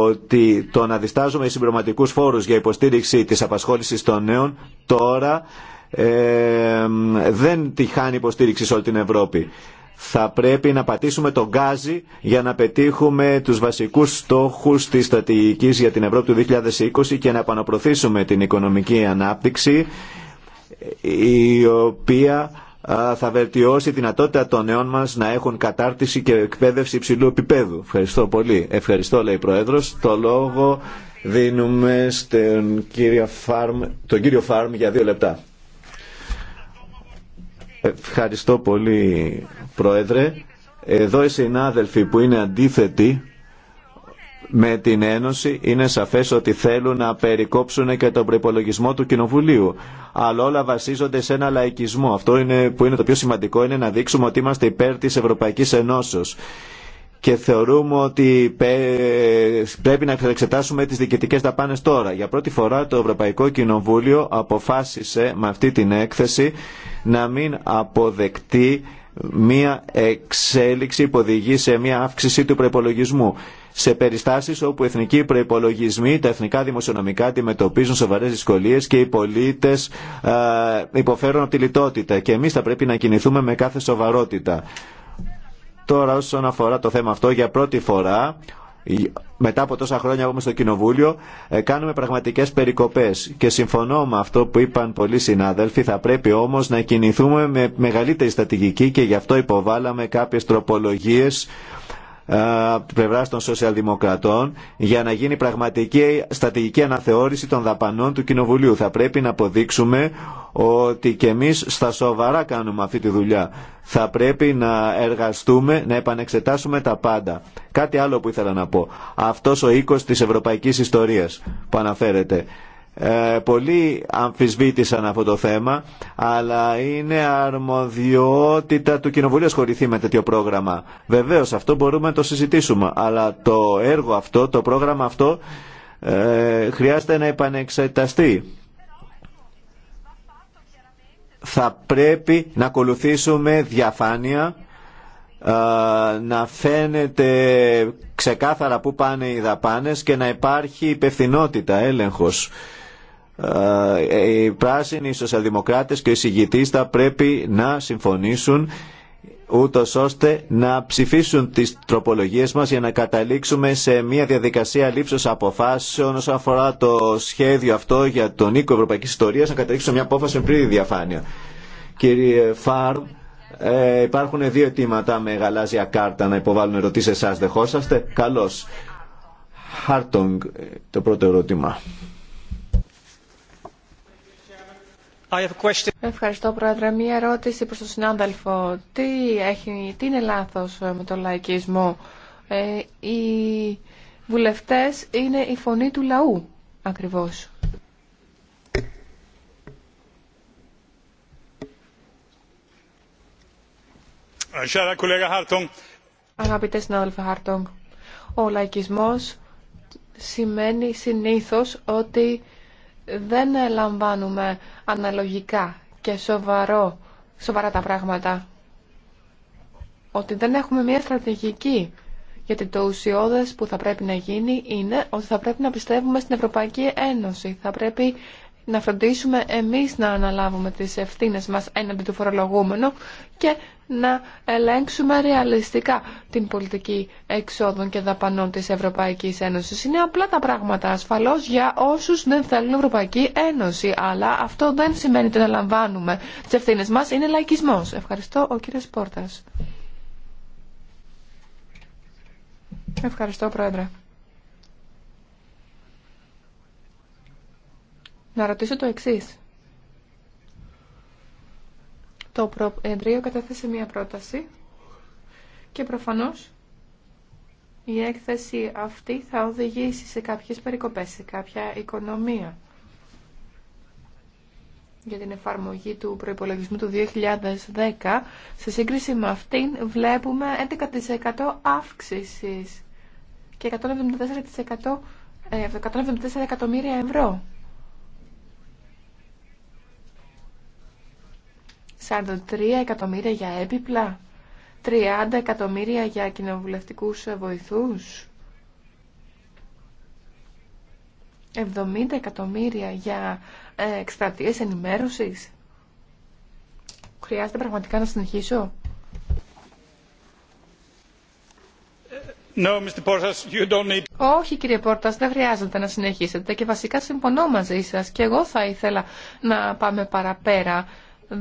ότι το να διστάζουμε συμπληρωματικού φόρους για υποστήριξη της απασχόλησης των νέων τώρα ε, δεν τυχάνει υποστήριξη σε όλη την Ευρώπη θα πρέπει να πατήσουμε τον γκάζι για να πετύχουμε τους βασικούς στόχους της στρατηγικής για την Ευρώπη του 2020 και να επαναπροθήσουμε την οικονομική ανάπτυξη η οποία θα βελτιώσει τη δυνατότητα των νέων μας να έχουν κατάρτιση και εκπαίδευση υψηλού επίπεδου. Ευχαριστώ πολύ. Ευχαριστώ λέει η Πρόεδρος. Το λόγο δίνουμε στον κύριο Φάρμ, τον κύριο Φάρμ για δύο λεπτά. Ευχαριστώ πολύ, Πρόεδρε. Εδώ οι συνάδελφοι που είναι αντίθετοι με την Ένωση είναι σαφές ότι θέλουν να περικόψουν και τον προπολογισμό του Κοινοβουλίου. Αλλά όλα βασίζονται σε ένα λαϊκισμό. Αυτό είναι, που είναι το πιο σημαντικό είναι να δείξουμε ότι είμαστε υπέρ της Ευρωπαϊκής Ενώσεως και θεωρούμε ότι πρέπει να εξετάσουμε τις διοικητικές δαπάνες τώρα. Για πρώτη φορά το Ευρωπαϊκό Κοινοβούλιο αποφάσισε με αυτή την έκθεση να μην αποδεκτεί μία εξέλιξη που οδηγεί σε μία αύξηση του προϋπολογισμού. Σε περιστάσεις όπου εθνικοί προπολογισμοί, τα εθνικά δημοσιονομικά αντιμετωπίζουν σοβαρές δυσκολίες και οι πολίτες ε, υποφέρουν από τη λιτότητα και εμείς θα πρέπει να κινηθούμε με κάθε σοβαρότητα. Τώρα όσον αφορά το θέμα αυτό, για πρώτη φορά μετά από τόσα χρόνια που στο Κοινοβούλιο, ε, κάνουμε πραγματικές περικοπές. Και συμφωνώ με αυτό που είπαν πολλοί συνάδελφοι, θα πρέπει όμως να κινηθούμε με μεγαλύτερη στατηγική και γι' αυτό υποβάλαμε κάποιες τροπολογίες ε, από την πλευρά των σοσιαλδημοκρατών για να γίνει πραγματική στατηγική αναθεώρηση των δαπανών του Κοινοβουλίου. Θα πρέπει να αποδείξουμε ότι και εμείς στα σοβαρά κάνουμε αυτή τη δουλειά. Θα πρέπει να εργαστούμε, να επανεξετάσουμε τα πάντα. Κάτι άλλο που ήθελα να πω. Αυτός ο οίκος της ευρωπαϊκής ιστορίας που αναφέρεται. Ε, πολλοί αμφισβήτησαν αυτό το θέμα, αλλά είναι αρμοδιότητα του Κοινοβουλίου ασχοληθεί με τέτοιο πρόγραμμα. Βεβαίως αυτό μπορούμε να το συζητήσουμε, αλλά το έργο αυτό, το πρόγραμμα αυτό ε, χρειάζεται να επανεξεταστεί. Θα πρέπει να ακολουθήσουμε διαφάνεια, ε, να φαίνεται ξεκάθαρα πού πάνε οι δαπάνες και να υπάρχει υπευθυνότητα, έλεγχος. Ε, οι πράσινοι, οι σοσιαλδημοκράτες και οι συγητής θα πρέπει να συμφωνήσουν ούτω ώστε να ψηφίσουν τις τροπολογίες μας για να καταλήξουμε σε μια διαδικασία λήψης αποφάσεων όσον αφορά το σχέδιο αυτό για τον οίκο Ευρωπαϊκής Ιστορίας να καταλήξουμε μια απόφαση πριν πλήρη διαφάνεια. Κύριε Φάρ, ε, υπάρχουν δύο αιτήματα με γαλάζια κάρτα να υποβάλουν ερωτήσεις εσάς. Δεχόσαστε. Καλώς. Χάρτονγκ, ε, το πρώτο ερώτημα.
Ευχαριστώ, Πρόεδρε. Μία ερώτηση προς τον συνάδελφο. Τι, έχει, τι είναι λάθος ε, με τον λαϊκισμό. Ε, οι βουλευτές είναι η φωνή του λαού, ακριβώς.
Ε,
Αγαπητέ συνάδελφε Χάρτονγκ, ο λαϊκισμός σημαίνει συνήθως ότι δεν λαμβάνουμε αναλογικά και σοβαρό, σοβαρά τα πράγματα. Ότι δεν έχουμε μια στρατηγική. Γιατί το ουσιώδες που θα πρέπει να γίνει είναι ότι θα πρέπει να πιστεύουμε στην Ευρωπαϊκή Ένωση. Θα πρέπει να φροντίσουμε εμείς να αναλάβουμε τις ευθύνες μας έναντι του φορολογούμενου και να ελέγξουμε ρεαλιστικά την πολιτική εξόδων και δαπανών της Ευρωπαϊκής Ένωσης. Είναι απλά τα πράγματα ασφαλώς για όσους δεν θέλουν Ευρωπαϊκή Ένωση, αλλά αυτό δεν σημαίνει ότι να λαμβάνουμε τις ευθύνες μας, είναι λαϊκισμός. Ευχαριστώ ο κύριος Πόρτας. Ευχαριστώ Πρόεδρε. να ρωτήσω το εξή. Το Προεδρείο κατέθεσε μία πρόταση και προφανώς η έκθεση αυτή θα οδηγήσει σε κάποιες περικοπές, σε κάποια οικονομία για την εφαρμογή του προϋπολογισμού του 2010. Σε σύγκριση με αυτήν βλέπουμε 11% αύξησης και 174, 174 ε, εκατομμύρια ευρώ. 43 εκατομμύρια για έπιπλα, 30 εκατομμύρια για κοινοβουλευτικούς βοηθούς, 70 εκατομμύρια για ε, εκστρατείες ενημέρωσης. Χρειάζεται πραγματικά να συνεχίσω.
Mr.
Portas, you don't need...
Όχι κύριε Πόρτας, δεν χρειάζεται να συνεχίσετε και βασικά συμφωνώ μαζί σας και εγώ θα ήθελα να πάμε παραπέρα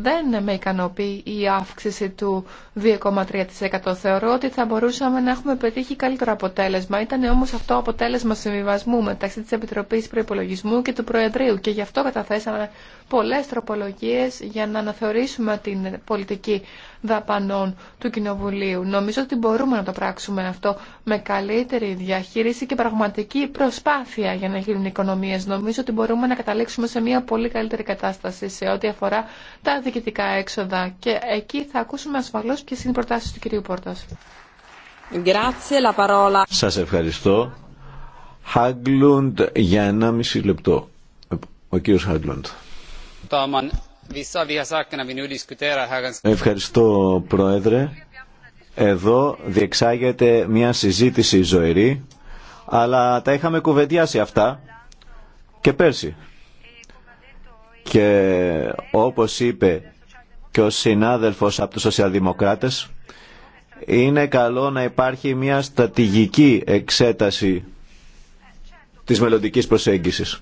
δεν με ικανοποιεί η αύξηση του 2,3%. Θεωρώ ότι θα μπορούσαμε να έχουμε πετύχει καλύτερο αποτέλεσμα. Ήταν όμως αυτό αποτέλεσμα συμβιβασμού μεταξύ της Επιτροπής Προϋπολογισμού και του Προεδρείου και γι' αυτό καταθέσαμε πολλές τροπολογίες για να αναθεωρήσουμε την πολιτική δαπανών του Κοινοβουλίου. Νομίζω ότι μπορούμε να το πράξουμε αυτό με καλύτερη διαχείριση και πραγματική προσπάθεια για να γίνουν οικονομίε. Νομίζω ότι μπορούμε να καταλήξουμε σε μια πολύ καλύτερη κατάσταση σε ό,τι αφορά τα διοικητικά έξοδα. Και εκεί θα ακούσουμε ασφαλώ ποιε είναι οι προτάσει του κυρίου Πόρτα.
Σα ευχαριστώ. Χάγκλουντ για 1,5 λεπτό. Ο Χάγκλουντ. Ευχαριστώ Πρόεδρε. Εδώ διεξάγεται μια συζήτηση ζωηρή, αλλά τα είχαμε κουβεντιάσει αυτά και πέρσι. Και όπως είπε και ο συνάδελφος από τους σοσιαλδημοκράτες, είναι καλό να υπάρχει μια στρατηγική εξέταση της μελλοντικής προσέγγισης.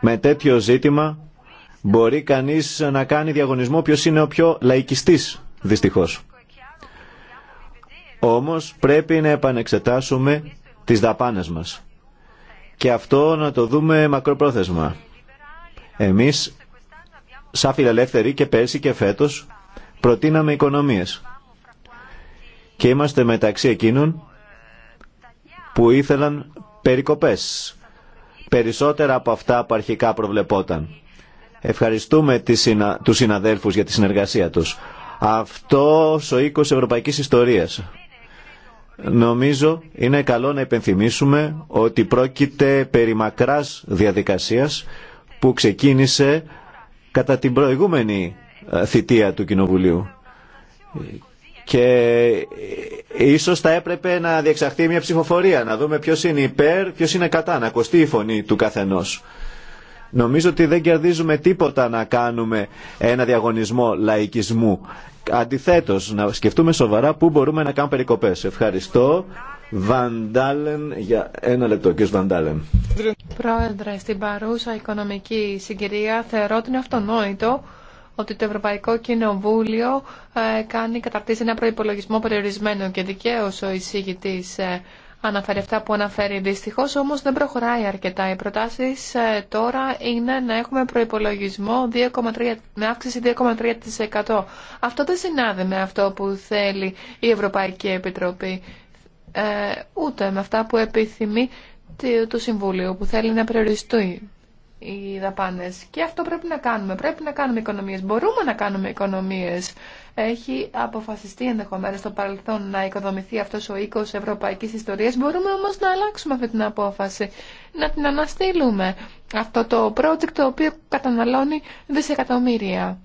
Με τέτοιο ζήτημα μπορεί κανείς να κάνει διαγωνισμό ποιος είναι ο πιο λαϊκιστής, δυστυχώς. Όμως πρέπει να επανεξετάσουμε τις δαπάνες μας. Και αυτό να το δούμε μακροπρόθεσμα. Εμείς, σαν φιλελεύθεροι και πέρσι και φέτος, προτείναμε οικονομίες. Και είμαστε μεταξύ εκείνων που ήθελαν περικοπές. Περισσότερα από αυτά που αρχικά προβλεπόταν. Ευχαριστούμε του τους συναδέλφους για τη συνεργασία τους. Αυτό ο οίκος ευρωπαϊκής ιστορίας. Νομίζω είναι καλό να υπενθυμίσουμε ότι πρόκειται περί μακράς διαδικασίας που ξεκίνησε κατά την προηγούμενη ε, θητεία του Κοινοβουλίου. Και ε, ίσως θα έπρεπε να διεξαχθεί μια ψηφοφορία, να δούμε ποιος είναι υπέρ, ποιος είναι κατά, να ακουστεί η φωνή του καθενός. Νομίζω ότι δεν κερδίζουμε τίποτα να κάνουμε ένα διαγωνισμό λαϊκισμού. Αντιθέτω, να σκεφτούμε σοβαρά πού μπορούμε να κάνουμε περικοπέ. Ευχαριστώ. Βαντάλεν για ένα λεπτό. κύριε Βαντάλεν.
Πρόεδρε, στην παρούσα οικονομική συγκυρία θεωρώ ότι είναι αυτονόητο ότι το Ευρωπαϊκό Κοινοβούλιο ε, κάνει καταρτήσει ένα προπολογισμό περιορισμένο και δικαίω ο εισηγητής ε, αναφέρει αυτά που αναφέρει. Δυστυχώ όμω δεν προχωράει αρκετά. Οι προτάσει ε, τώρα είναι να έχουμε προπολογισμό με αύξηση 2,3%. Αυτό δεν συνάδει με αυτό που θέλει η Ευρωπαϊκή Επιτροπή, ε, ούτε με αυτά που επιθυμεί το Συμβούλιο, που θέλει να περιοριστεί οι δαπάνες. Και αυτό πρέπει να κάνουμε. Πρέπει να κάνουμε οικονομίες. Μπορούμε να κάνουμε οικονομίες έχει αποφασιστεί ενδεχομένω στο παρελθόν να οικοδομηθεί αυτό ο οίκο ευρωπαϊκή ιστορία. Μπορούμε όμω να αλλάξουμε αυτή την απόφαση, να την αναστείλουμε. Αυτό το project το οποίο καταναλώνει δισεκατομμύρια.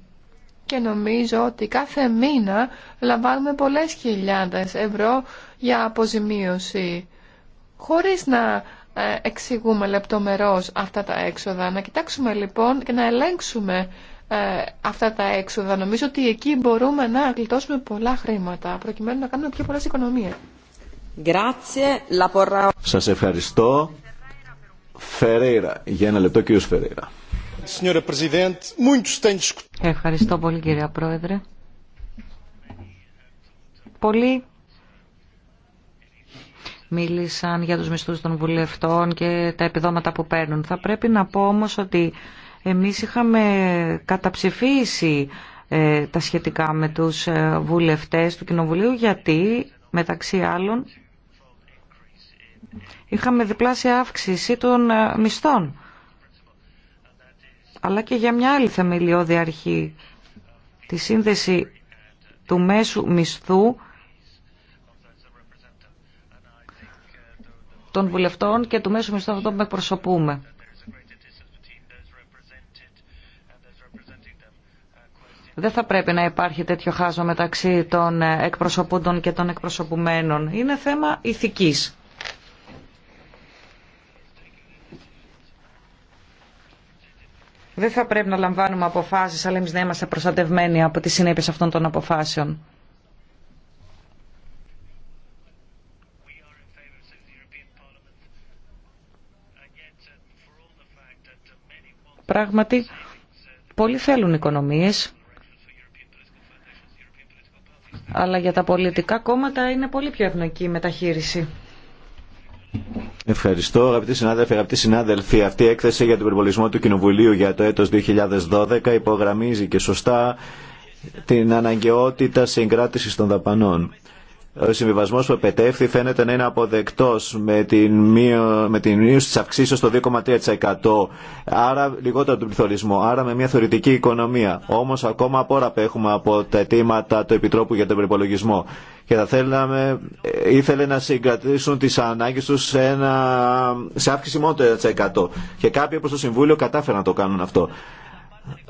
Και νομίζω ότι κάθε μήνα λαμβάνουμε πολλές χιλιάδες ευρώ για αποζημίωση. Χωρίς να ε, εξηγούμε λεπτομερώς αυτά τα έξοδα. Να κοιτάξουμε λοιπόν και να ελέγξουμε ε, αυτά τα έξοδα. Νομίζω ότι εκεί μπορούμε να γλιτώσουμε πολλά χρήματα προκειμένου να κάνουμε πιο πολλέ οικονομίε.
Σα ευχαριστώ. Φερέιρα, για ένα λεπτό κύριο Φερέιρα.
Ευχαριστώ πολύ κύριε Πρόεδρε. Πολλοί μίλησαν για τους μισθούς των βουλευτών και τα επιδόματα που παίρνουν. Θα πρέπει να πω όμως ότι εμείς είχαμε καταψηφίσει ε, τα σχετικά με τους ε, βουλευτές του Κοινοβουλίου γιατί μεταξύ άλλων είχαμε διπλάσια αύξηση των ε, μισθών αλλά και για μια άλλη θεμελιώδη αρχή τη σύνδεση του μέσου μισθού των βουλευτών και του μέσου μισθού αυτών που εκπροσωπούμε. Δεν θα πρέπει να υπάρχει τέτοιο χάσμα μεταξύ των εκπροσωπούντων και των εκπροσωπουμένων. Είναι θέμα ηθικής. Δεν θα πρέπει να λαμβάνουμε αποφάσεις, αλλά εμείς να είμαστε προστατευμένοι από τις συνέπειες αυτών των αποφάσεων. Πράγματι, πολλοί θέλουν οικονομίες, αλλά για τα πολιτικά κόμματα είναι πολύ πιο ευνοϊκή η μεταχείριση.
Ευχαριστώ αγαπητοί συνάδελφοι, αγαπητοί συνάδελφοι. Αυτή η έκθεση για τον περιβολισμό του Κοινοβουλίου για το έτος 2012 υπογραμμίζει και σωστά την αναγκαιότητα συγκράτησης των δαπανών ο συμβιβασμό που επετεύθη φαίνεται να είναι αποδεκτό με την, μείωση τη αυξήσεω στο 2,3%. Άρα λιγότερο του πληθωρισμού. Άρα με μια θεωρητική οικονομία. Όμω ακόμα απόρα έχουμε από τα αιτήματα του Επιτρόπου για τον Περιπολογισμό. Και θα θέλαμε, ε, ήθελε να συγκρατήσουν τι ανάγκε του σε, σε αύξηση μόνο το 1%. Και κάποιοι όπω το Συμβούλιο κατάφεραν να το κάνουν αυτό.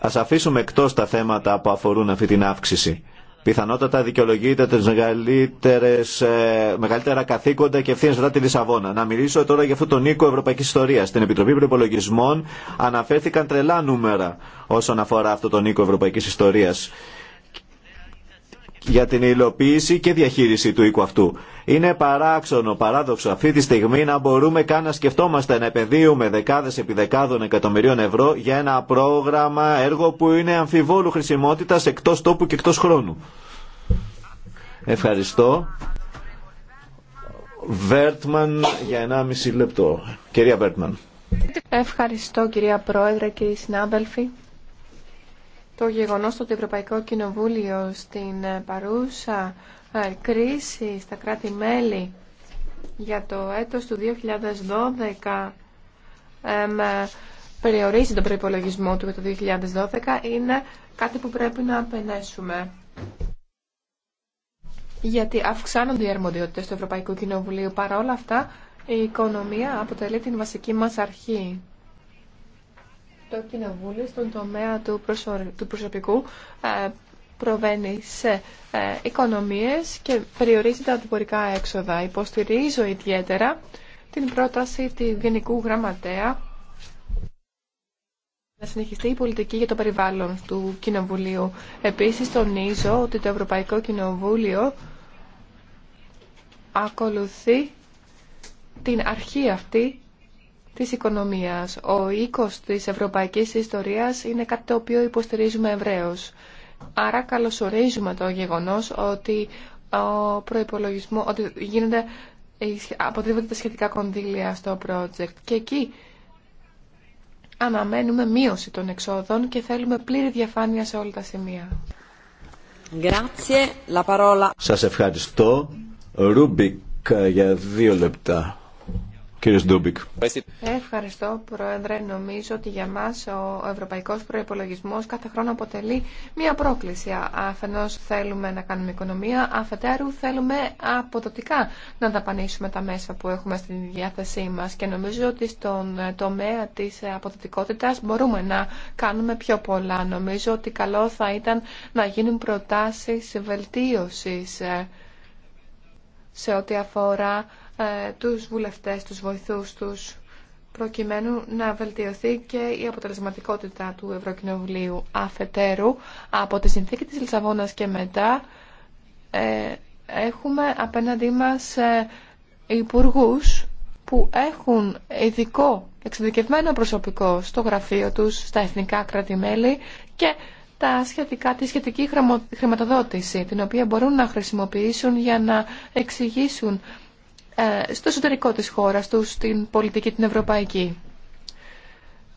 Α αφήσουμε εκτό τα θέματα που αφορούν αυτή την αύξηση. Πιθανότατα δικαιολογείται τι ε, μεγαλύτερα καθήκοντα και ευθύνε μετά τη Λισαβόνα. Να μιλήσω τώρα για αυτόν τον οίκο Ευρωπαϊκή Ιστορίας. Στην Επιτροπή Προπολογισμών αναφέρθηκαν τρελά νούμερα όσον αφορά αυτό τον οίκο Ευρωπαϊκή Ιστορία για την υλοποίηση και διαχείριση του οίκου αυτού. Είναι παράξενο, παράδοξο αυτή τη στιγμή να μπορούμε καν να σκεφτόμαστε να επενδύουμε δεκάδε επί δεκάδων εκατομμυρίων ευρώ για ένα πρόγραμμα, έργο που είναι αμφιβόλου χρησιμότητα εκτό τόπου και εκτό χρόνου. Ευχαριστώ. Βέρτμαν για 1,5 λεπτό. Κυρία Βέρτμαν.
Ευχαριστώ κυρία Πρόεδρε, κύριοι συνάδελφοι το γεγονός ότι το Ευρωπαϊκό Κοινοβούλιο στην ε, παρούσα ε, κρίση στα κράτη-μέλη για το έτος του 2012 ε, περιορίζει τον προϋπολογισμό του για το 2012 είναι κάτι που πρέπει να απενέσουμε. Γιατί αυξάνονται οι αρμοδιότητες του Ευρωπαϊκού Κοινοβουλίου. Παρ' όλα αυτά, η οικονομία αποτελεί την βασική μας αρχή το Κοινοβούλιο στον τομέα του, του προσωπικού ε, προβαίνει σε ε, οικονομίες και περιορίζει τα αντιπορικά έξοδα. Υποστηρίζω ιδιαίτερα την πρόταση του Γενικού Γραμματέα να συνεχιστεί η πολιτική για το περιβάλλον του Κοινοβουλίου. Επίσης τονίζω ότι το Ευρωπαϊκό Κοινοβούλιο ακολουθεί την αρχή αυτή της οικονομίας. Ο οίκος της ευρωπαϊκής ιστορίας είναι κάτι το οποίο υποστηρίζουμε ευρέως. Άρα καλωσορίζουμε το γεγονός ότι ο ότι γίνονται, αποτρίβονται τα σχετικά κονδύλια στο project. Και εκεί αναμένουμε μείωση των εξόδων και θέλουμε πλήρη διαφάνεια σε όλα τα σημεία.
Σας ευχαριστώ. για
Ευχαριστώ, Πρόεδρε. Νομίζω ότι για μα ο Ευρωπαϊκό Προπολογισμό κάθε χρόνο αποτελεί μία πρόκληση. Αφενός θέλουμε να κάνουμε οικονομία, αφετέρου θέλουμε αποδοτικά να δαπανίσουμε τα μέσα που έχουμε στην διάθεσή μα. και νομίζω ότι στον τομέα της αποδοτικότητα μπορούμε να κάνουμε πιο πολλά. Νομίζω ότι καλό θα ήταν να γίνουν προτάσει βελτίωση σε ό,τι αφορά ε, τους βουλευτές, τους βοηθούς τους, προκειμένου να βελτιωθεί και η αποτελεσματικότητα του Ευρωκοινοβουλίου αφετέρου από τη συνθήκη της Λισαβόνας και μετά ε, έχουμε απέναντί μας ε, υπουργούς που έχουν ειδικό εξειδικευμένο προσωπικό στο γραφείο τους, στα εθνικά κράτη-μέλη και τα σχετικά, τη σχετική χρηματοδότηση, την οποία μπορούν να χρησιμοποιήσουν για να εξηγήσουν ε, στο εσωτερικό της χώρας τους, στην πολιτική την ευρωπαϊκή.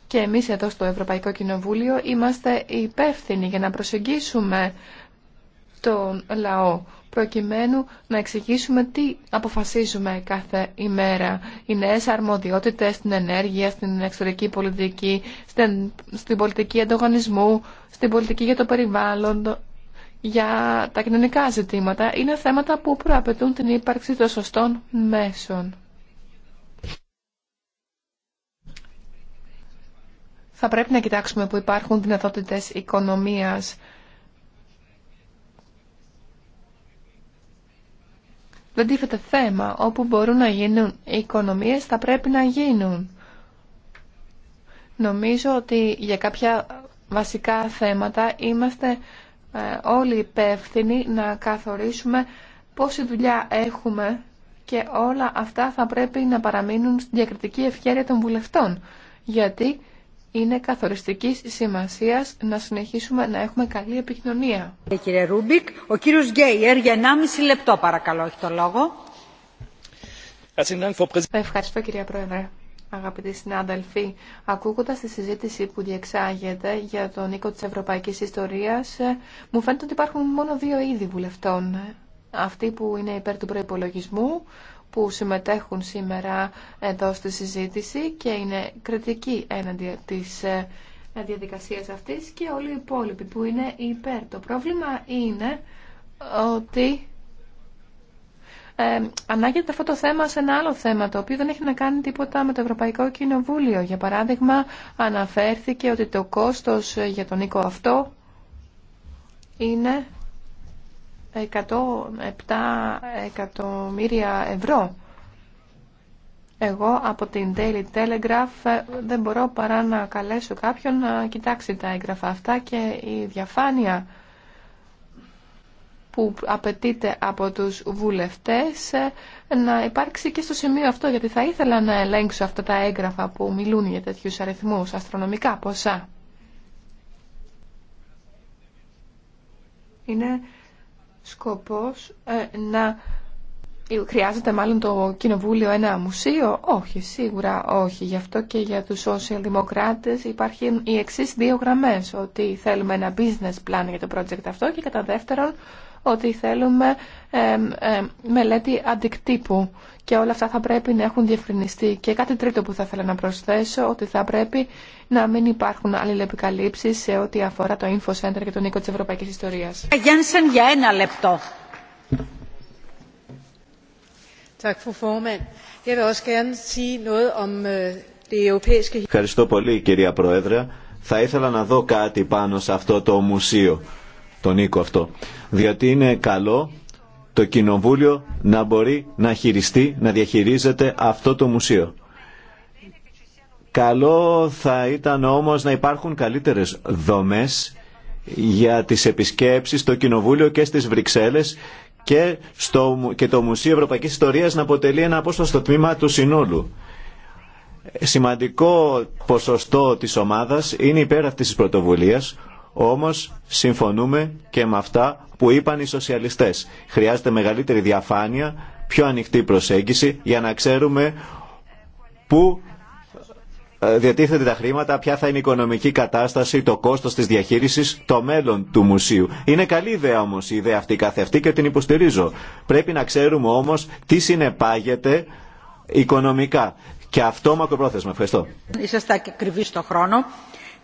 Και εμείς εδώ στο Ευρωπαϊκό Κοινοβούλιο είμαστε υπεύθυνοι για να προσεγγίσουμε τον λαό προκειμένου να εξηγήσουμε τι αποφασίζουμε κάθε ημέρα. Οι νέες αρμοδιότητες στην ενέργεια, στην εξωτερική πολιτική, στην, στην πολιτική ανταγωνισμού, στην πολιτική για το περιβάλλον, για τα κοινωνικά ζητήματα είναι θέματα που προαπαιτούν την ύπαρξη των σωστών μέσων. Θα πρέπει να κοιτάξουμε που υπάρχουν δυνατότητες οικονομίας. Δεν τίθεται θέμα. Όπου μπορούν να γίνουν οι οικονομίες θα πρέπει να γίνουν. Νομίζω ότι για κάποια βασικά θέματα είμαστε ε, όλοι υπεύθυνοι να καθορίσουμε πόση δουλειά έχουμε και όλα αυτά θα πρέπει να παραμείνουν στην διακριτική ευχαίρεια των βουλευτών. Γιατί είναι καθοριστικής σημασίας να συνεχίσουμε να έχουμε καλή επικοινωνία. Ε, κύριε Ρούμπικ, ο κύριος Γκέιερ για 1,5 λεπτό παρακαλώ έχει το λόγο. Ευχαριστώ κυρία Πρόεδρε. Αγαπητοί συνάδελφοι, ακούγοντα τη συζήτηση που διεξάγεται για τον οίκο τη Ευρωπαϊκή Ιστορία, μου φαίνεται ότι υπάρχουν μόνο δύο είδη βουλευτών. Αυτοί που είναι υπέρ του προπολογισμού, που συμμετέχουν σήμερα εδώ στη συζήτηση και είναι κριτικοί έναντι τη ε, διαδικασία αυτή, και όλοι οι υπόλοιποι που είναι υπέρ. Το πρόβλημα είναι ότι ε, ανάγεται αυτό το θέμα σε ένα άλλο θέμα, το οποίο δεν έχει να κάνει τίποτα με το Ευρωπαϊκό Κοινοβούλιο. Για παράδειγμα, αναφέρθηκε ότι το κόστος ε, για τον οίκο αυτό είναι 107 εκατομμύρια ευρώ. Εγώ από την Daily Telegraph ε, δεν μπορώ παρά να καλέσω κάποιον να κοιτάξει τα έγγραφα αυτά και η διαφάνεια που απαιτείται από τους βουλευτές ε, να υπάρξει και στο σημείο αυτό, γιατί θα ήθελα να ελέγξω αυτά τα έγγραφα που μιλούν για τέτοιους αριθμούς, αστρονομικά ποσά. Είναι σκοπός ε, να... Χρειάζεται μάλλον το Κοινοβούλιο ένα μουσείο. Όχι, σίγουρα όχι. Γι' αυτό και για τους σοσιαλδημοκράτες υπάρχουν οι εξής δύο γραμμές. Ότι θέλουμε ένα business plan για το project αυτό και κατά δεύτερον ότι θέλουμε μελέτη αντικτύπου και όλα αυτά θα πρέπει να έχουν διευκρινιστεί. Και κάτι τρίτο που θα ήθελα να προσθέσω, ότι θα πρέπει να μην υπάρχουν αλληλεπικαλύψεις σε ό,τι αφορά το Info Center και τον Νίκο της Ευρωπαϊκής Ιστορίας. Ε,
για ένα λεπτό. Øh,
Ευχαριστώ πολύ κυρία Πρόεδρε. Θα ήθελα να δω κάτι πάνω σε αυτό το μουσείο τον οίκο αυτό. Διότι είναι καλό το Κοινοβούλιο να μπορεί να χειριστεί, να διαχειρίζεται αυτό το μουσείο. Καλό θα ήταν όμως να υπάρχουν καλύτερες δομές για τις επισκέψεις στο Κοινοβούλιο και στις Βρυξέλλες και, στο, και το Μουσείο Ευρωπαϊκής Ιστορίας να αποτελεί ένα απόσπαστο τμήμα του συνόλου. Σημαντικό ποσοστό της ομάδας είναι υπέρ αυτής της πρωτοβουλίας όμως συμφωνούμε και με αυτά που είπαν οι σοσιαλιστές. Χρειάζεται μεγαλύτερη διαφάνεια, πιο ανοιχτή προσέγγιση για να ξέρουμε πού ε, διατίθεται τα χρήματα, ποια θα είναι η οικονομική κατάσταση, το κόστος της διαχείρισης, το μέλλον του μουσείου. Είναι καλή ιδέα όμως η ιδέα αυτή καθευτή και την υποστηρίζω. Πρέπει να ξέρουμε όμως τι συνεπάγεται οικονομικά. Και αυτό μακροπρόθεσμα. Ευχαριστώ.
Είσαστε ακριβή το χρόνο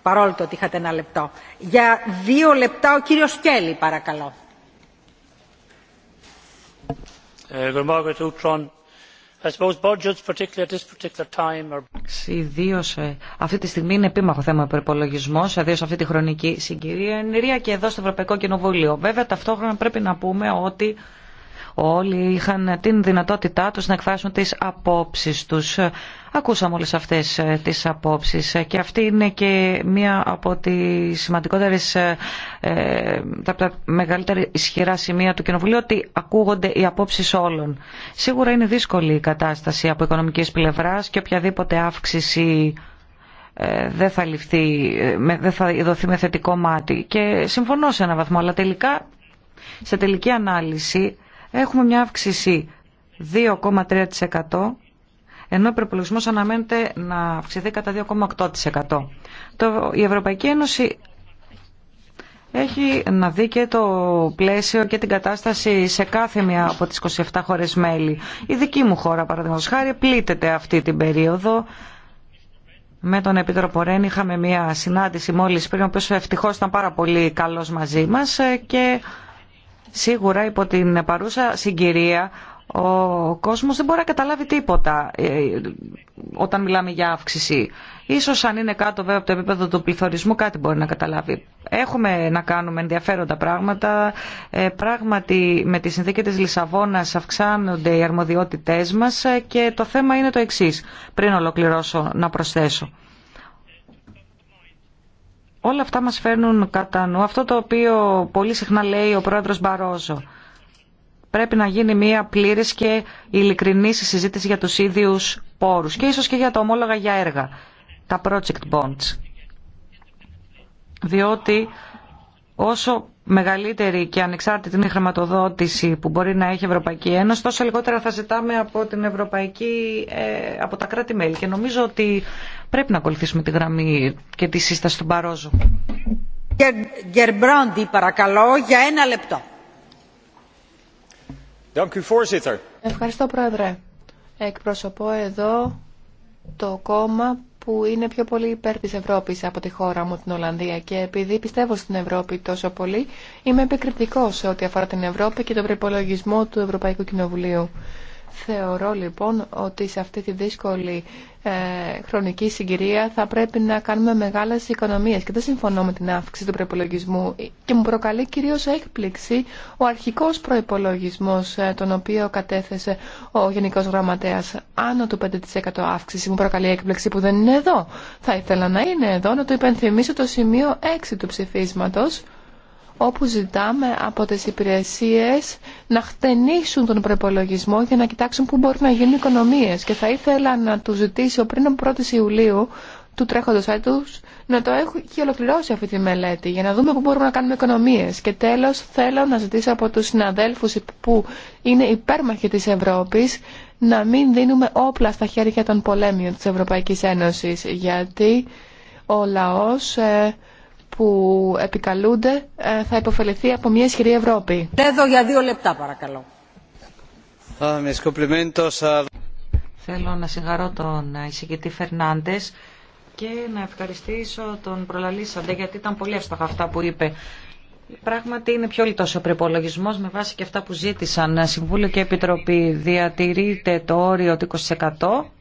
παρόλο το ότι είχατε ένα λεπτό. Για δύο λεπτά ο κύριος Κέλλη, παρακαλώ.
Ε,
Ιδίωσε αυτή τη στιγμή είναι επίμαχο θέμα ο προπολογισμό, ιδίω αυτή τη χρονική συγκυρία. ενηρία και εδώ στο Ευρωπαϊκό Κοινοβούλιο. Βέβαια, ταυτόχρονα πρέπει να πούμε ότι όλοι είχαν την δυνατότητά τους να εκφράσουν τις απόψεις τους. Ακούσαμε όλες αυτές ε, τις απόψεις ε, και αυτή είναι και μία από τις σημαντικότερες, ε, τα, τα μεγαλύτερα ισχυρά σημεία του Κοινοβουλίου ότι ακούγονται οι απόψεις όλων. Σίγουρα είναι δύσκολη η κατάσταση από οικονομικής πλευράς και οποιαδήποτε αύξηση δεν θα, ληφθεί, δεν θα δοθεί με θετικό μάτι. Και συμφωνώ σε έναν βαθμό, αλλά τελικά σε τελική ανάλυση έχουμε μια αύξηση 2,3% ενώ ο προπολογισμό αναμένεται να αυξηθεί κατά 2,8%. Η Ευρωπαϊκή Ένωση έχει να δει και το πλαίσιο και την κατάσταση σε κάθε μια από τις 27 χώρες μέλη. Η δική μου χώρα, παραδείγματος χάρη, πλήττεται αυτή την περίοδο. Με τον Επίτροπο Ρέν είχαμε μια συνάντηση μόλις πριν, ο οποίος ευτυχώς ήταν πάρα πολύ καλός μαζί μας και σίγουρα υπό την παρούσα συγκυρία ο κόσμος δεν μπορεί να καταλάβει τίποτα ε, όταν μιλάμε για αύξηση. Ίσως αν είναι κάτω βέβαια από το επίπεδο του πληθωρισμού κάτι μπορεί να καταλάβει. Έχουμε να κάνουμε ενδιαφέροντα πράγματα. Ε, πράγματι με τη συνθήκη της Λισαβόνας αυξάνονται οι αρμοδιότητές μας ε, και το θέμα είναι το εξής. Πριν ολοκληρώσω να προσθέσω. Όλα αυτά μας φέρνουν κατά νου αυτό το οποίο πολύ συχνά λέει ο πρόεδρος Μπαρόζο πρέπει να γίνει μια πλήρης και ειλικρινή συζήτηση για τους ίδιους πόρους και ίσως και για τα ομόλογα για έργα, τα project bonds. Διότι όσο μεγαλύτερη και ανεξάρτητη είναι η χρηματοδότηση που μπορεί να έχει η Ευρωπαϊκή Ένωση, τόσο λιγότερα θα ζητάμε από, την Ευρωπαϊκή, ε, από τα κράτη-μέλη. Και νομίζω ότι πρέπει να ακολουθήσουμε τη γραμμή και τη
σύσταση του Μπαρόζου. παρακαλώ, για ένα λεπτό.
Ευχαριστώ, Πρόεδρε. Εκπροσωπώ εδώ το κόμμα που είναι πιο πολύ υπέρ της Ευρώπης από τη χώρα μου, την Ολλανδία. Και επειδή πιστεύω στην Ευρώπη τόσο πολύ, είμαι επικριτικό σε ό,τι αφορά την Ευρώπη και τον προπολογισμό του Ευρωπαϊκού Κοινοβουλίου. Θεωρώ λοιπόν ότι σε αυτή τη δύσκολη ε, χρονική συγκυρία θα πρέπει να κάνουμε μεγάλες οικονομίες και δεν συμφωνώ με την αύξηση του προπολογισμού και μου προκαλεί κυρίως έκπληξη ο αρχικός προϋπολογισμός ε, τον οποίο κατέθεσε ο Γενικός Γραμματέας άνω του 5% αύξηση μου προκαλεί έκπληξη που δεν είναι εδώ θα ήθελα να είναι εδώ να το υπενθυμίσω το σημείο 6 του ψηφίσματος όπου ζητάμε από τις υπηρεσίες να χτενίσουν τον προπολογισμό για να κοιτάξουν πού μπορούν να γίνουν οικονομίες. Και θα ήθελα να του ζητήσω πριν από 1η Ιουλίου του τρέχοντος έτους να το έχουν και ολοκληρώσει αυτή τη μελέτη για να δούμε πού μπορούμε να κάνουμε οικονομίες. Και τέλος θέλω να ζητήσω από τους συναδέλφους που είναι υπέρμαχοι της Ευρώπης να μην δίνουμε όπλα στα χέρια των πολέμιων της Ευρωπαϊκής Ένωσης γιατί ο λαός ε, που επικαλούνται ε, θα υποφεληθεί από μια ισχυρή Ευρώπη.
Εδώ για δύο λεπτά παρακαλώ.
Θέλω να συγχαρώ τον ε, εισηγητή Φερνάντες και να ευχαριστήσω τον προλαλήσαντε γιατί ήταν πολύ εύστοχα αυτά που είπε. Πράγματι είναι πιο λιτός ο προπολογισμό με βάση και αυτά που ζήτησαν Συμβούλιο και Επιτροπή. Διατηρείται το όριο του 20%,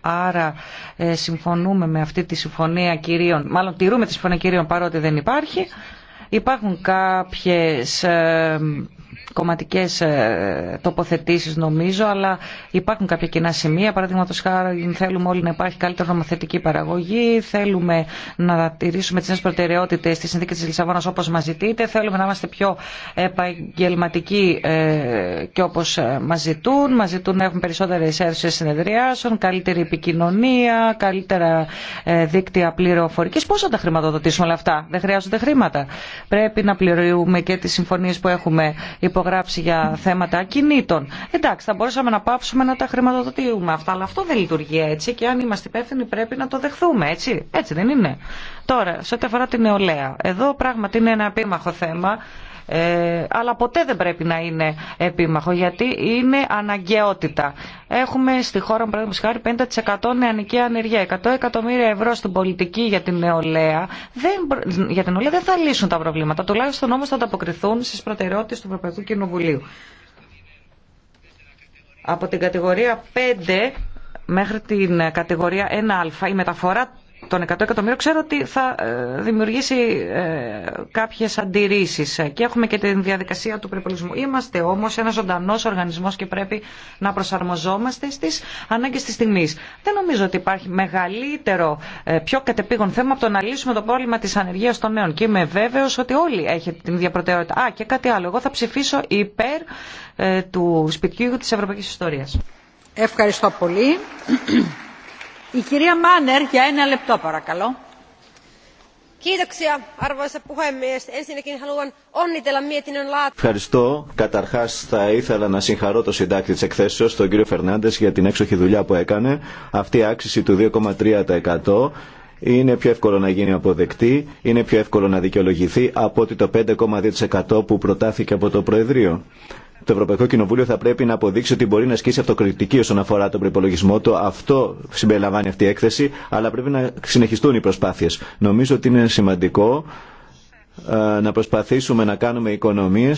άρα ε, συμφωνούμε με αυτή τη συμφωνία κυρίων, μάλλον τηρούμε τη συμφωνία κυρίων παρότι δεν υπάρχει. Υπάρχουν κάποιες ε, κομματικές ε, τοποθετήσεις νομίζω, αλλά υπάρχουν κάποια κοινά σημεία. Παραδείγματος χάρη θέλουμε όλοι να υπάρχει καλύτερη νομοθετική παραγωγή, θέλουμε να τηρήσουμε τις νέες προτεραιότητες στη συνθήκη της Λισαβόνας όπως μας ζητείτε, θέλουμε να είμαστε πιο επαγγελματικοί ε, και όπως ε, μας ζητούν. Μας ζητούν να έχουμε περισσότερες αίθουσε συνεδριάσεων, καλύτερη επικοινωνία, καλύτερα δίκτυα πληροφορική. Πώ θα τα χρηματοδοτήσουμε όλα αυτά. Δεν χρειάζονται χρήματα. Πρέπει να πληρωούμε και τις συμφωνίες που έχουμε υπογράψει για θέματα ακινήτων. Εντάξει, θα μπορούσαμε να πάψουμε να τα χρηματοδοτούμε αυτά, αλλά αυτό δεν λειτουργεί έτσι και αν είμαστε υπεύθυνοι πρέπει να το δεχθούμε, έτσι. Έτσι δεν είναι. Τώρα, σε ό,τι αφορά την νεολαία, εδώ πράγματι είναι ένα επίμαχο θέμα. Ε, αλλά ποτέ δεν πρέπει να είναι επίμαχο γιατί είναι αναγκαιότητα. Έχουμε στη χώρα μου, παραδείγματο χάρη, 50% νεανική ανεργία. 100 εκατομμύρια ευρώ στην πολιτική για την νεολαία δεν, για την νεολαία δεν θα λύσουν τα προβλήματα. Τουλάχιστον όμω θα ανταποκριθούν στι προτεραιότητε του Ευρωπαϊκού Κοινοβουλίου. Από την κατηγορία 5 μέχρι την κατηγορία 1α η μεταφορά των 100 εκατομμύριων ξέρω ότι θα ε, δημιουργήσει ε, κάποιες αντιρρήσεις και έχουμε και την διαδικασία του περιπολισμού. Είμαστε όμως ένας ζωντανό οργανισμός και πρέπει να προσαρμοζόμαστε στις ανάγκες της στιγμής. Δεν νομίζω ότι υπάρχει μεγαλύτερο, ε, πιο κατεπήγον θέμα από το να λύσουμε το πρόβλημα της ανεργίας των νέων και είμαι βέβαιος ότι όλοι έχετε την ίδια προτεραιότητα. Α, και κάτι άλλο. Εγώ θα ψηφίσω
υπέρ του σπιτιού της Ευρωπαϊκής Ιστορίας. Ευχαριστώ πολύ. Η κυρία Μάνερ για ένα λεπτό παρακαλώ.
Ευχαριστώ. Καταρχάς, θα ήθελα να συγχαρώ τον συντάκτη τη εκθέσεω, τον κύριο Φερνάντε, για την έξοχη δουλειά που έκανε. Αυτή η άξιση του 2,3% είναι πιο εύκολο να γίνει αποδεκτή, είναι πιο εύκολο να δικαιολογηθεί από ότι το 5,2% που προτάθηκε από το Προεδρείο. Το Ευρωπαϊκό Κοινοβούλιο θα πρέπει να αποδείξει ότι μπορεί να ασκήσει αυτοκριτική όσον αφορά τον προπολογισμό του. Αυτό συμπεριλαμβάνει αυτή η έκθεση, αλλά πρέπει να συνεχιστούν οι προσπάθειε. Νομίζω ότι είναι σημαντικό ε, να προσπαθήσουμε να κάνουμε οικονομίε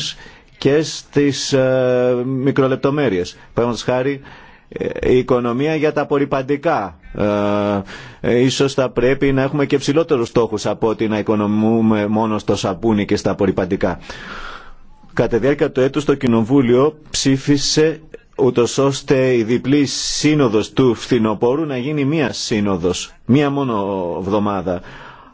και στι ε, μικρολεπτομέρειε. Παραδείγματο χάρη, ε, η οικονομία για τα απορριπαντικά. Ε, ίσως θα πρέπει να έχουμε και ψηλότερους στόχους από ότι να οικονομούμε μόνο στο σαπούνι και στα απορριπαντικά. Κατά διάρκεια του έτους το Κοινοβούλιο ψήφισε ούτω ώστε η διπλή σύνοδος του φθινοπόρου να γίνει μία σύνοδος, μία μόνο εβδομάδα.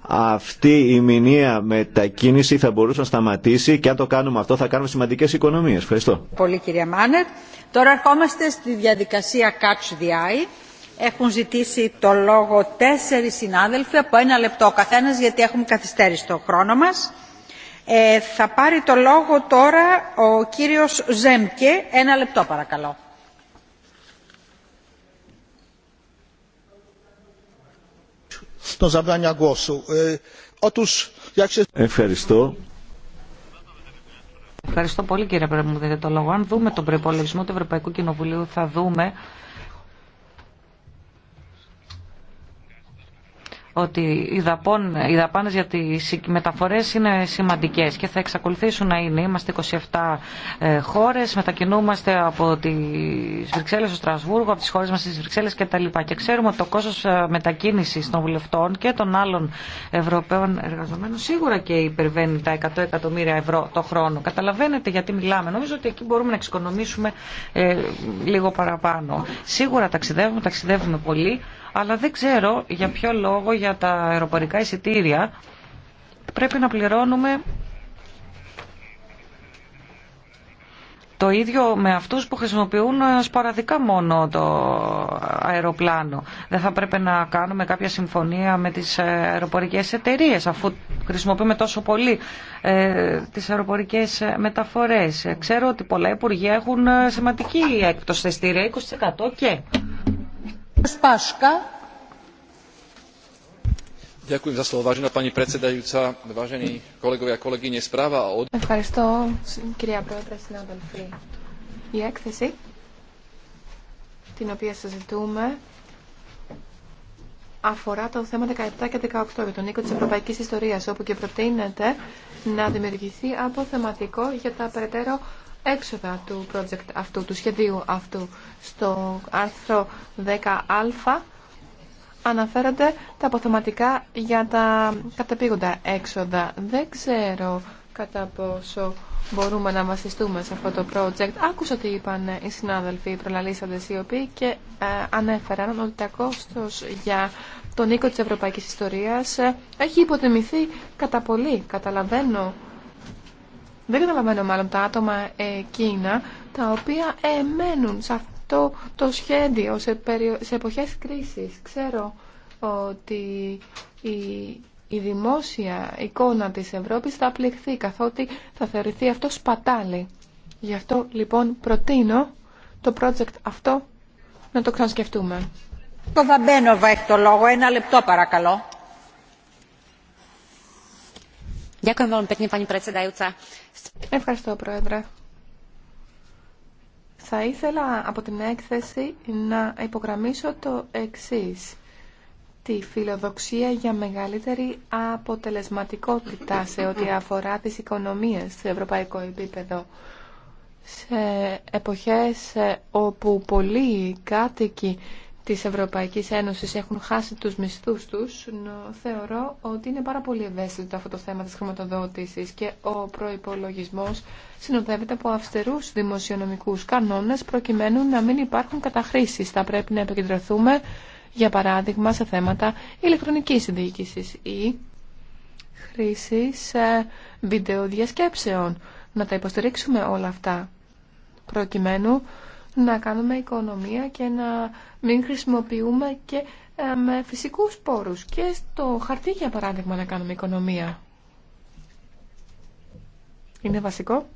Αυτή η μηνία μετακίνηση θα μπορούσε να σταματήσει και αν το κάνουμε αυτό θα κάνουμε σημαντικές οικονομίες. Ευχαριστώ.
Πολύ κυρία Μάνερ. Τώρα ερχόμαστε στη διαδικασία Catch the Eye. Έχουν ζητήσει το λόγο τέσσερις συνάδελφοι από ένα λεπτό ο καθένας γιατί έχουμε καθυστέρηση το χρόνο μας. Ε, θα πάρει το λόγο τώρα ο κύριος Ζέμκε. Ένα λεπτό παρακαλώ.
Ε, Ευχαριστώ.
Ευχαριστώ πολύ κύριε Πρόεδρε το λόγο. Αν δούμε τον προπολογισμό του Ευρωπαϊκού Κοινοβουλίου θα δούμε ότι οι, δαπών, οι δαπάνες για τις μεταφορές είναι σημαντικές και θα εξακολουθήσουν να είναι. Είμαστε 27 ε, χώρες, μετακινούμαστε από τις Βρυξέλλες στο Στρασβούργο, από τις χώρες μας στις Βρυξέλλες κτλ. Και ξέρουμε ότι το κόστος ε, μετακίνησης των βουλευτών και των άλλων Ευρωπαίων εργαζομένων σίγουρα και υπερβαίνει τα 100 εκατομμύρια ευρώ το χρόνο. Καταλαβαίνετε γιατί μιλάμε. Νομίζω ότι εκεί μπορούμε να εξοικονομήσουμε ε, λίγο παραπάνω. Σίγουρα ταξιδεύουμε, ταξιδεύουμε πολύ αλλά δεν ξέρω για ποιο λόγο για τα αεροπορικά εισιτήρια πρέπει να πληρώνουμε το ίδιο με αυτούς που χρησιμοποιούν σπαραδικά μόνο το αεροπλάνο. Δεν θα πρέπει να κάνουμε κάποια συμφωνία με τις αεροπορικές εταιρείες αφού χρησιμοποιούμε τόσο πολύ ε, τις αεροπορικές μεταφορές. Ξέρω ότι πολλά υπουργεία έχουν ε, σημαντική έκπτωση στη 20% και...
Ευχαριστώ, κυρία Πρόεδρε, συνάδελφοι. Η έκθεση την οποία συζητούμε αφορά το θέμα 17 και 18 για τον οίκο της Ευρωπαϊκής Ιστορίας, όπου και προτείνεται να δημιουργηθεί αποθεματικό για τα περαιτέρω έξοδα του project αυτού, του σχεδίου αυτού. Στο άρθρο 10α αναφέρονται τα αποθεματικά για τα καταπήγοντα έξοδα. Δεν ξέρω κατά πόσο μπορούμε να βασιστούμε σε αυτό το project. Άκουσα ότι είπαν οι συνάδελφοι, οι προλαλήσαντες οι οποίοι και ε, ανέφεραν ότι τα κόστος για τον οίκο της ευρωπαϊκής ιστορίας ε, έχει υποτιμηθεί κατά πολύ. Καταλαβαίνω δεν καταλαβαίνω μάλλον τα άτομα ε, εκείνα τα οποία εμένουν σε αυτό το σχέδιο σε, περιο... σε εποχές κρίσης. Ξέρω ότι η... δημόσια εικόνα της Ευρώπης θα πληχθεί καθότι θα θεωρηθεί αυτό σπατάλι. Γι' αυτό λοιπόν προτείνω το project αυτό να το ξανασκεφτούμε.
Το Βαμπένοβα έχει το λόγο. Ένα λεπτό παρακαλώ.
Ευχαριστώ, Πρόεδρε. Θα ήθελα από την έκθεση να υπογραμμίσω το εξής. Τη φιλοδοξία για μεγαλύτερη αποτελεσματικότητα σε ό,τι αφορά τις οικονομίες σε ευρωπαϊκό επίπεδο. Σε εποχές όπου πολλοί κάτοικοι της Ευρωπαϊκής Ένωσης έχουν χάσει τους μισθούς τους, θεωρώ ότι είναι πάρα πολύ ευαίσθητο αυτό το θέμα της χρηματοδότησης και ο προϋπολογισμός συνοδεύεται από αυστερούς δημοσιονομικούς κανόνες προκειμένου να μην υπάρχουν καταχρήσεις. Θα πρέπει να επικεντρωθούμε, για παράδειγμα, σε θέματα ηλεκτρονικής διοίκησης ή χρήσης ε, βιντεοδιασκέψεων. Να τα υποστηρίξουμε όλα αυτά προκειμένου να κάνουμε οικονομία και να μην χρησιμοποιούμε και ε, με φυσικούς πόρους και στο χαρτί για παράδειγμα να κάνουμε οικονομία. Είναι βασικό.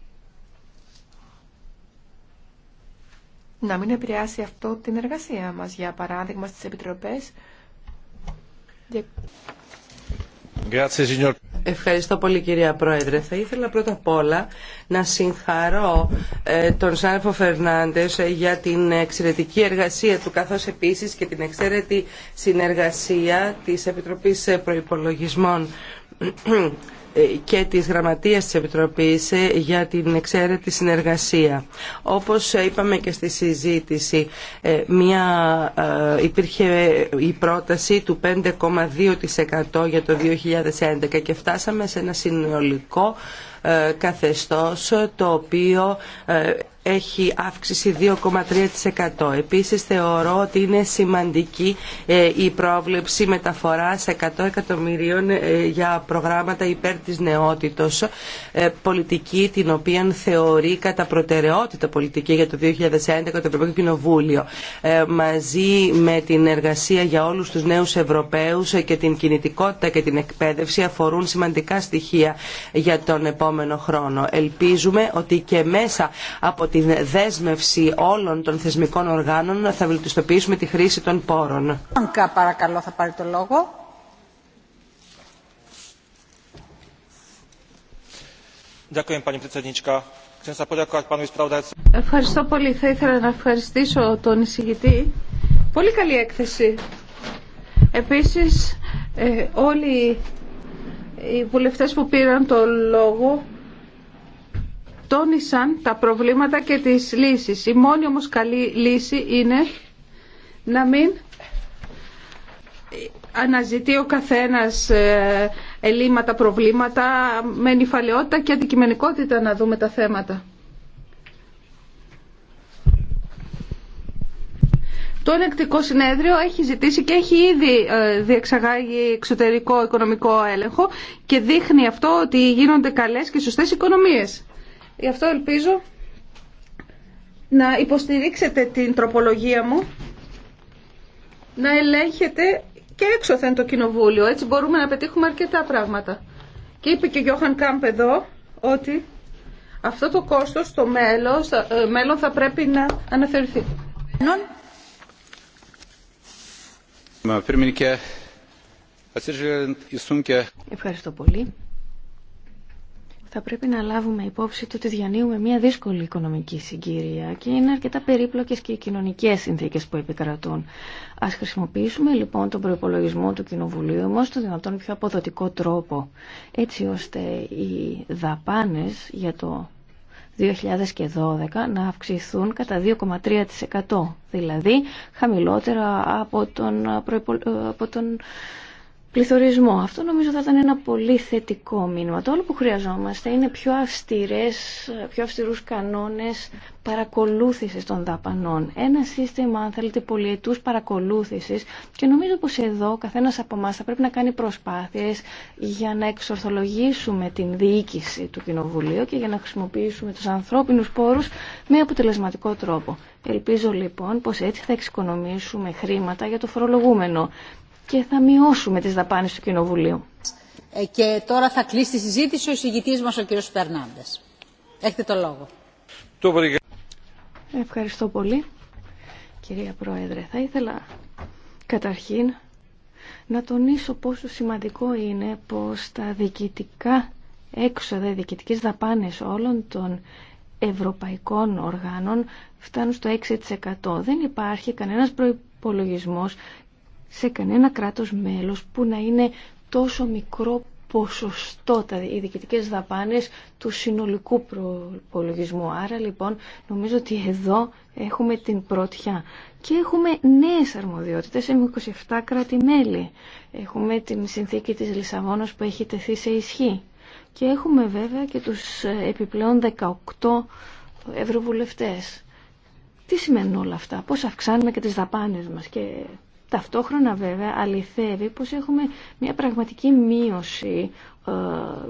Να μην επηρεάσει αυτό την εργασία μας, για παράδειγμα στις επιτροπές.
Ευχαριστώ πολύ κυρία Πρόεδρε. Θα ήθελα πρώτα απ' όλα να συγχαρώ ε, τον Σάρφο Φερνάντες ε, για την εξαιρετική εργασία του καθώς επίσης και την εξαίρετη συνεργασία της Επιτροπής Προϋπολογισμών και της Γραμματείας της Επιτροπής ε, για την εξαίρετη συνεργασία. Όπως είπαμε και στη συζήτηση, ε, μια, ε, υπήρχε η πρόταση του 5,2% για το 2011 και φτάσαμε σε ένα συνολικό ε, καθεστώς το οποίο ε, έχει αύξηση 2,3%. Επίσης θεωρώ ότι είναι σημαντική ε, η πρόβλεψη μεταφοράς 100 εκατομμυρίων για προγράμματα υπέρ της νεότητος, πολιτική την οποία θεωρεί κατά προτεραιότητα πολιτική για το 2011 το Ευρωπαϊκό Κοινοβούλιο. Μαζί με την εργασία για όλους τους νέους Ευρωπαίους και την κινητικότητα και την εκπαίδευση αφορούν σημαντικά στοιχεία για τον επόμενο επόμενο χρόνο. Ελπίζουμε ότι και μέσα από την δέσμευση όλων των θεσμικών οργάνων θα βελτιστοποιήσουμε τη χρήση των πόρων.
παρακαλώ, θα πάρει το λόγο.
Ευχαριστώ πολύ. Θα ήθελα να ευχαριστήσω τον εισηγητή. Πολύ καλή έκθεση. Επίσης, ε, όλοι οι βουλευτές που πήραν το λόγο τόνισαν τα προβλήματα και τις λύσεις. Η μόνη όμως καλή λύση είναι να μην αναζητεί ο καθένας ε, ελλείμματα, προβλήματα, με νυφαλαιότητα και αντικειμενικότητα να δούμε τα θέματα. Το Ενεκτικό Συνέδριο έχει ζητήσει και έχει ήδη ε, διεξαγάγει εξωτερικό οικονομικό έλεγχο και δείχνει αυτό ότι γίνονται καλές και σωστές οικονομίες. Γι' αυτό ελπίζω να υποστηρίξετε
την τροπολογία
μου, να ελέγχετε και έξωθεν το κοινοβούλιο. Έτσι μπορούμε να πετύχουμε αρκετά πράγματα. Και είπε και Γιώχαν Κάμπ εδώ ότι αυτό το κόστος στο ε, μέλλον θα πρέπει να αναφερθεί.
Ευχαριστώ πολύ. Θα πρέπει να λάβουμε υπόψη του ότι διανύουμε μια δύσκολη οικονομική συγκύρια και είναι αρκετά περίπλοκες και οι κοινωνικές συνθήκες που επικρατούν. Ας χρησιμοποιήσουμε λοιπόν τον προπολογισμό του Κοινοβουλίου μας στο δυνατόν πιο αποδοτικό τρόπο, έτσι ώστε οι δαπάνες για το 2012 να αυξηθούν κατά 2,3%, δηλαδή χαμηλότερα από τον, από τον πληθωρισμό. Αυτό νομίζω θα ήταν ένα πολύ θετικό μήνυμα. Το όλο που χρειαζόμαστε είναι πιο, αυστηρές, πιο αυστηρούς κανόνες παρακολούθησης των δαπανών. Ένα σύστημα, αν θέλετε, πολυετούς παρακολούθησης και νομίζω πως εδώ καθένας από εμά θα πρέπει να κάνει προσπάθειες για να εξορθολογήσουμε την διοίκηση του Κοινοβουλίου και για να χρησιμοποιήσουμε τους ανθρώπινους πόρους με αποτελεσματικό τρόπο. Ελπίζω λοιπόν πως έτσι θα εξοικονομήσουμε χρήματα για το φορολογούμενο και θα μειώσουμε τις δαπάνες του Κοινοβουλίου. Ε, και
τώρα θα κλείσει τη συζήτηση ο εισηγητής μας ο κύριος Φερνάντες. Έχετε το λόγο.
Ευχαριστώ πολύ. Κυρία Πρόεδρε, θα ήθελα καταρχήν να τονίσω πόσο σημαντικό είναι πως τα διοικητικά έξοδα, οι διοικητικές δαπάνες όλων των ευρωπαϊκών οργάνων φτάνουν στο 6%. Δεν υπάρχει κανένας προϋπολογισμός σε κανένα κράτος μέλος που να είναι τόσο μικρό ποσοστό τα, οι διοικητικέ δαπάνε του συνολικού προπολογισμού. Άρα λοιπόν νομίζω ότι εδώ έχουμε την πρωτιά. Και έχουμε νέες αρμοδιότητες, έχουμε 27 κράτη-μέλη. Έχουμε την συνθήκη της Λισαβόνας που έχει τεθεί σε ισχύ. Και έχουμε βέβαια και τους επιπλέον 18 ευρωβουλευτές. Τι σημαίνουν όλα αυτά, πώς αυξάνουμε και τις δαπάνες μας και Ταυτόχρονα βέβαια αληθεύει πως έχουμε μια πραγματική μείωση ε,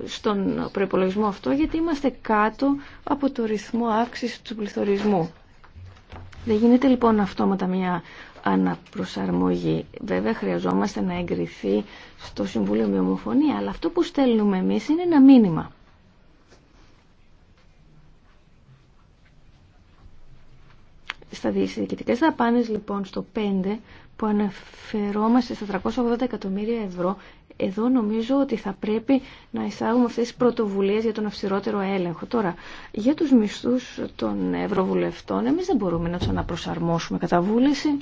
στον προϋπολογισμό αυτό γιατί είμαστε κάτω από το ρυθμό αύξηση του πληθωρισμού. Δεν γίνεται λοιπόν αυτόματα μια αναπροσαρμογή. Βέβαια χρειαζόμαστε να εγκριθεί στο Συμβούλιο με ομοφωνία, αλλά αυτό που στέλνουμε εμείς είναι ένα μήνυμα. Στα διοικητικές δαπάνες λοιπόν στο 5 που αναφερόμαστε στα 380 εκατομμύρια ευρώ, εδώ νομίζω ότι θα πρέπει να εισάγουμε αυτές τις πρωτοβουλίες για τον αυστηρότερο έλεγχο. Τώρα, για τους μισθούς των ευρωβουλευτών, εμείς δεν μπορούμε να τους αναπροσαρμόσουμε κατά βούληση.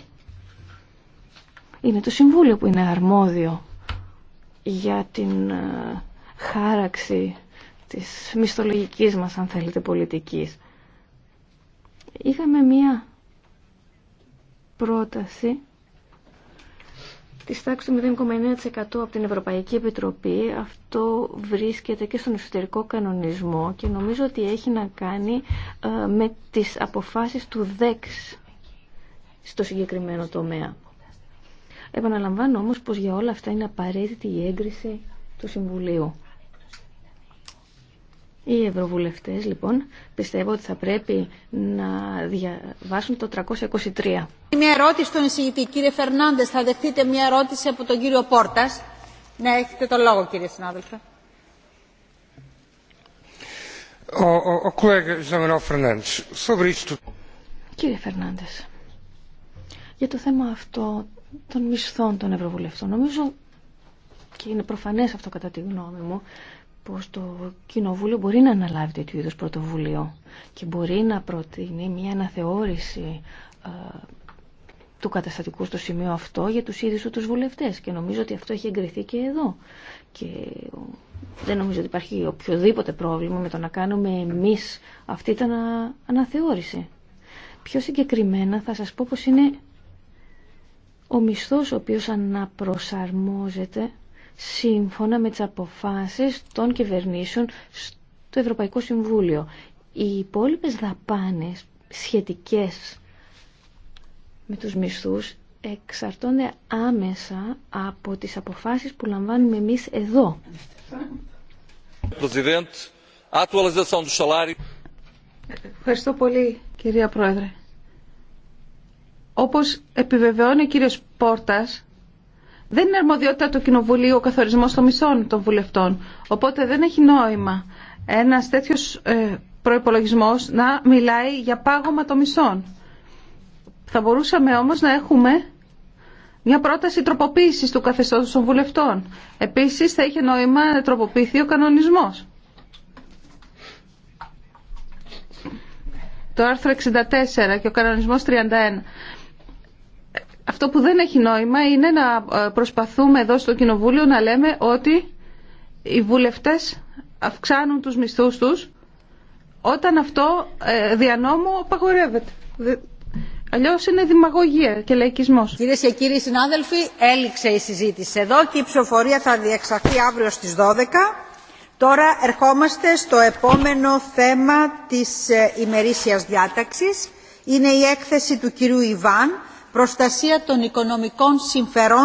Είναι το Συμβούλιο που είναι αρμόδιο για την ε, χάραξη της μισθολογικής μας, αν θέλετε, πολιτικής. Είχαμε μία πρόταση της τάξης του 0,9% από την Ευρωπαϊκή Επιτροπή. Αυτό βρίσκεται και στον εσωτερικό κανονισμό και νομίζω ότι έχει να κάνει ε, με τις αποφάσεις του ΔΕΚΣ στο συγκεκριμένο τομέα. Επαναλαμβάνω όμως πως για όλα αυτά είναι απαραίτητη η έγκριση του Συμβουλίου. Οι ευρωβουλευτές λοιπόν πιστεύω ότι θα πρέπει να διαβάσουν το 323.
Μια ερώτηση στον εισηγητή. Κύριε Φερνάντες, θα δεχτείτε μια ερώτηση από τον κύριο Πόρτας. να έχετε το λόγο κύριε συνάδελφε.
Ο, ο, ο
Κύριε Φερνάντες, για το θέμα αυτό των μισθών των ευρωβουλευτών, νομίζω και είναι προφανές αυτό κατά τη γνώμη μου, πως το Κοινοβούλιο μπορεί να αναλάβει τέτοιου είδους πρωτοβουλίο και μπορεί να προτείνει μια αναθεώρηση ε, του καταστατικού στο σημείο αυτό για τους ίδιους τους βουλευτές και νομίζω ότι αυτό έχει εγκριθεί και εδώ και δεν νομίζω ότι υπάρχει οποιοδήποτε πρόβλημα με το να κάνουμε εμείς αυτή την αναθεώρηση. Πιο συγκεκριμένα θα σας πω πως είναι ο μισθός ο οποίος αναπροσαρμόζεται σύμφωνα με τις αποφάσεις των κυβερνήσεων στο Ευρωπαϊκό Συμβούλιο. Οι υπόλοιπε δαπάνες σχετικές με τους μισθούς εξαρτώνται άμεσα από τις αποφάσεις που λαμβάνουμε εμείς εδώ. Ευχαριστώ
πολύ κυρία Πρόεδρε. Όπως επιβεβαιώνει ο κύριος Πόρτας, δεν είναι αρμοδιότητα του Κοινοβουλίου ο καθορισμός των μισών των βουλευτών. Οπότε δεν έχει νόημα ένας τέτοιος ε, προϋπολογισμός να μιλάει για πάγωμα των μισών. Θα μπορούσαμε όμως να έχουμε μια πρόταση τροποποίησης του καθεστώτος των βουλευτών. Επίσης θα είχε νόημα να τροποποιηθεί ο κανονισμός. Το άρθρο 64 και ο κανονισμός 31. Αυτό που δεν έχει νόημα είναι να ε, προσπαθούμε εδώ στο Κοινοβούλιο να λέμε ότι οι βουλευτές αυξάνουν τους μισθούς τους όταν αυτό ε, δια
νόμου απαγορεύεται. Αλλιώ είναι δημαγωγία και λαϊκισμός. Κυρίε και κύριοι συνάδελφοι, έληξε η συζήτηση εδώ και η ψηφοφορία θα διεξαχθεί αύριο στις 12. Τώρα ερχόμαστε στο επόμενο θέμα της ε, ημερήσιας διάταξης. Είναι η έκθεση του κυρίου Ιβάν προστασία των οικονομικών συμφερόντων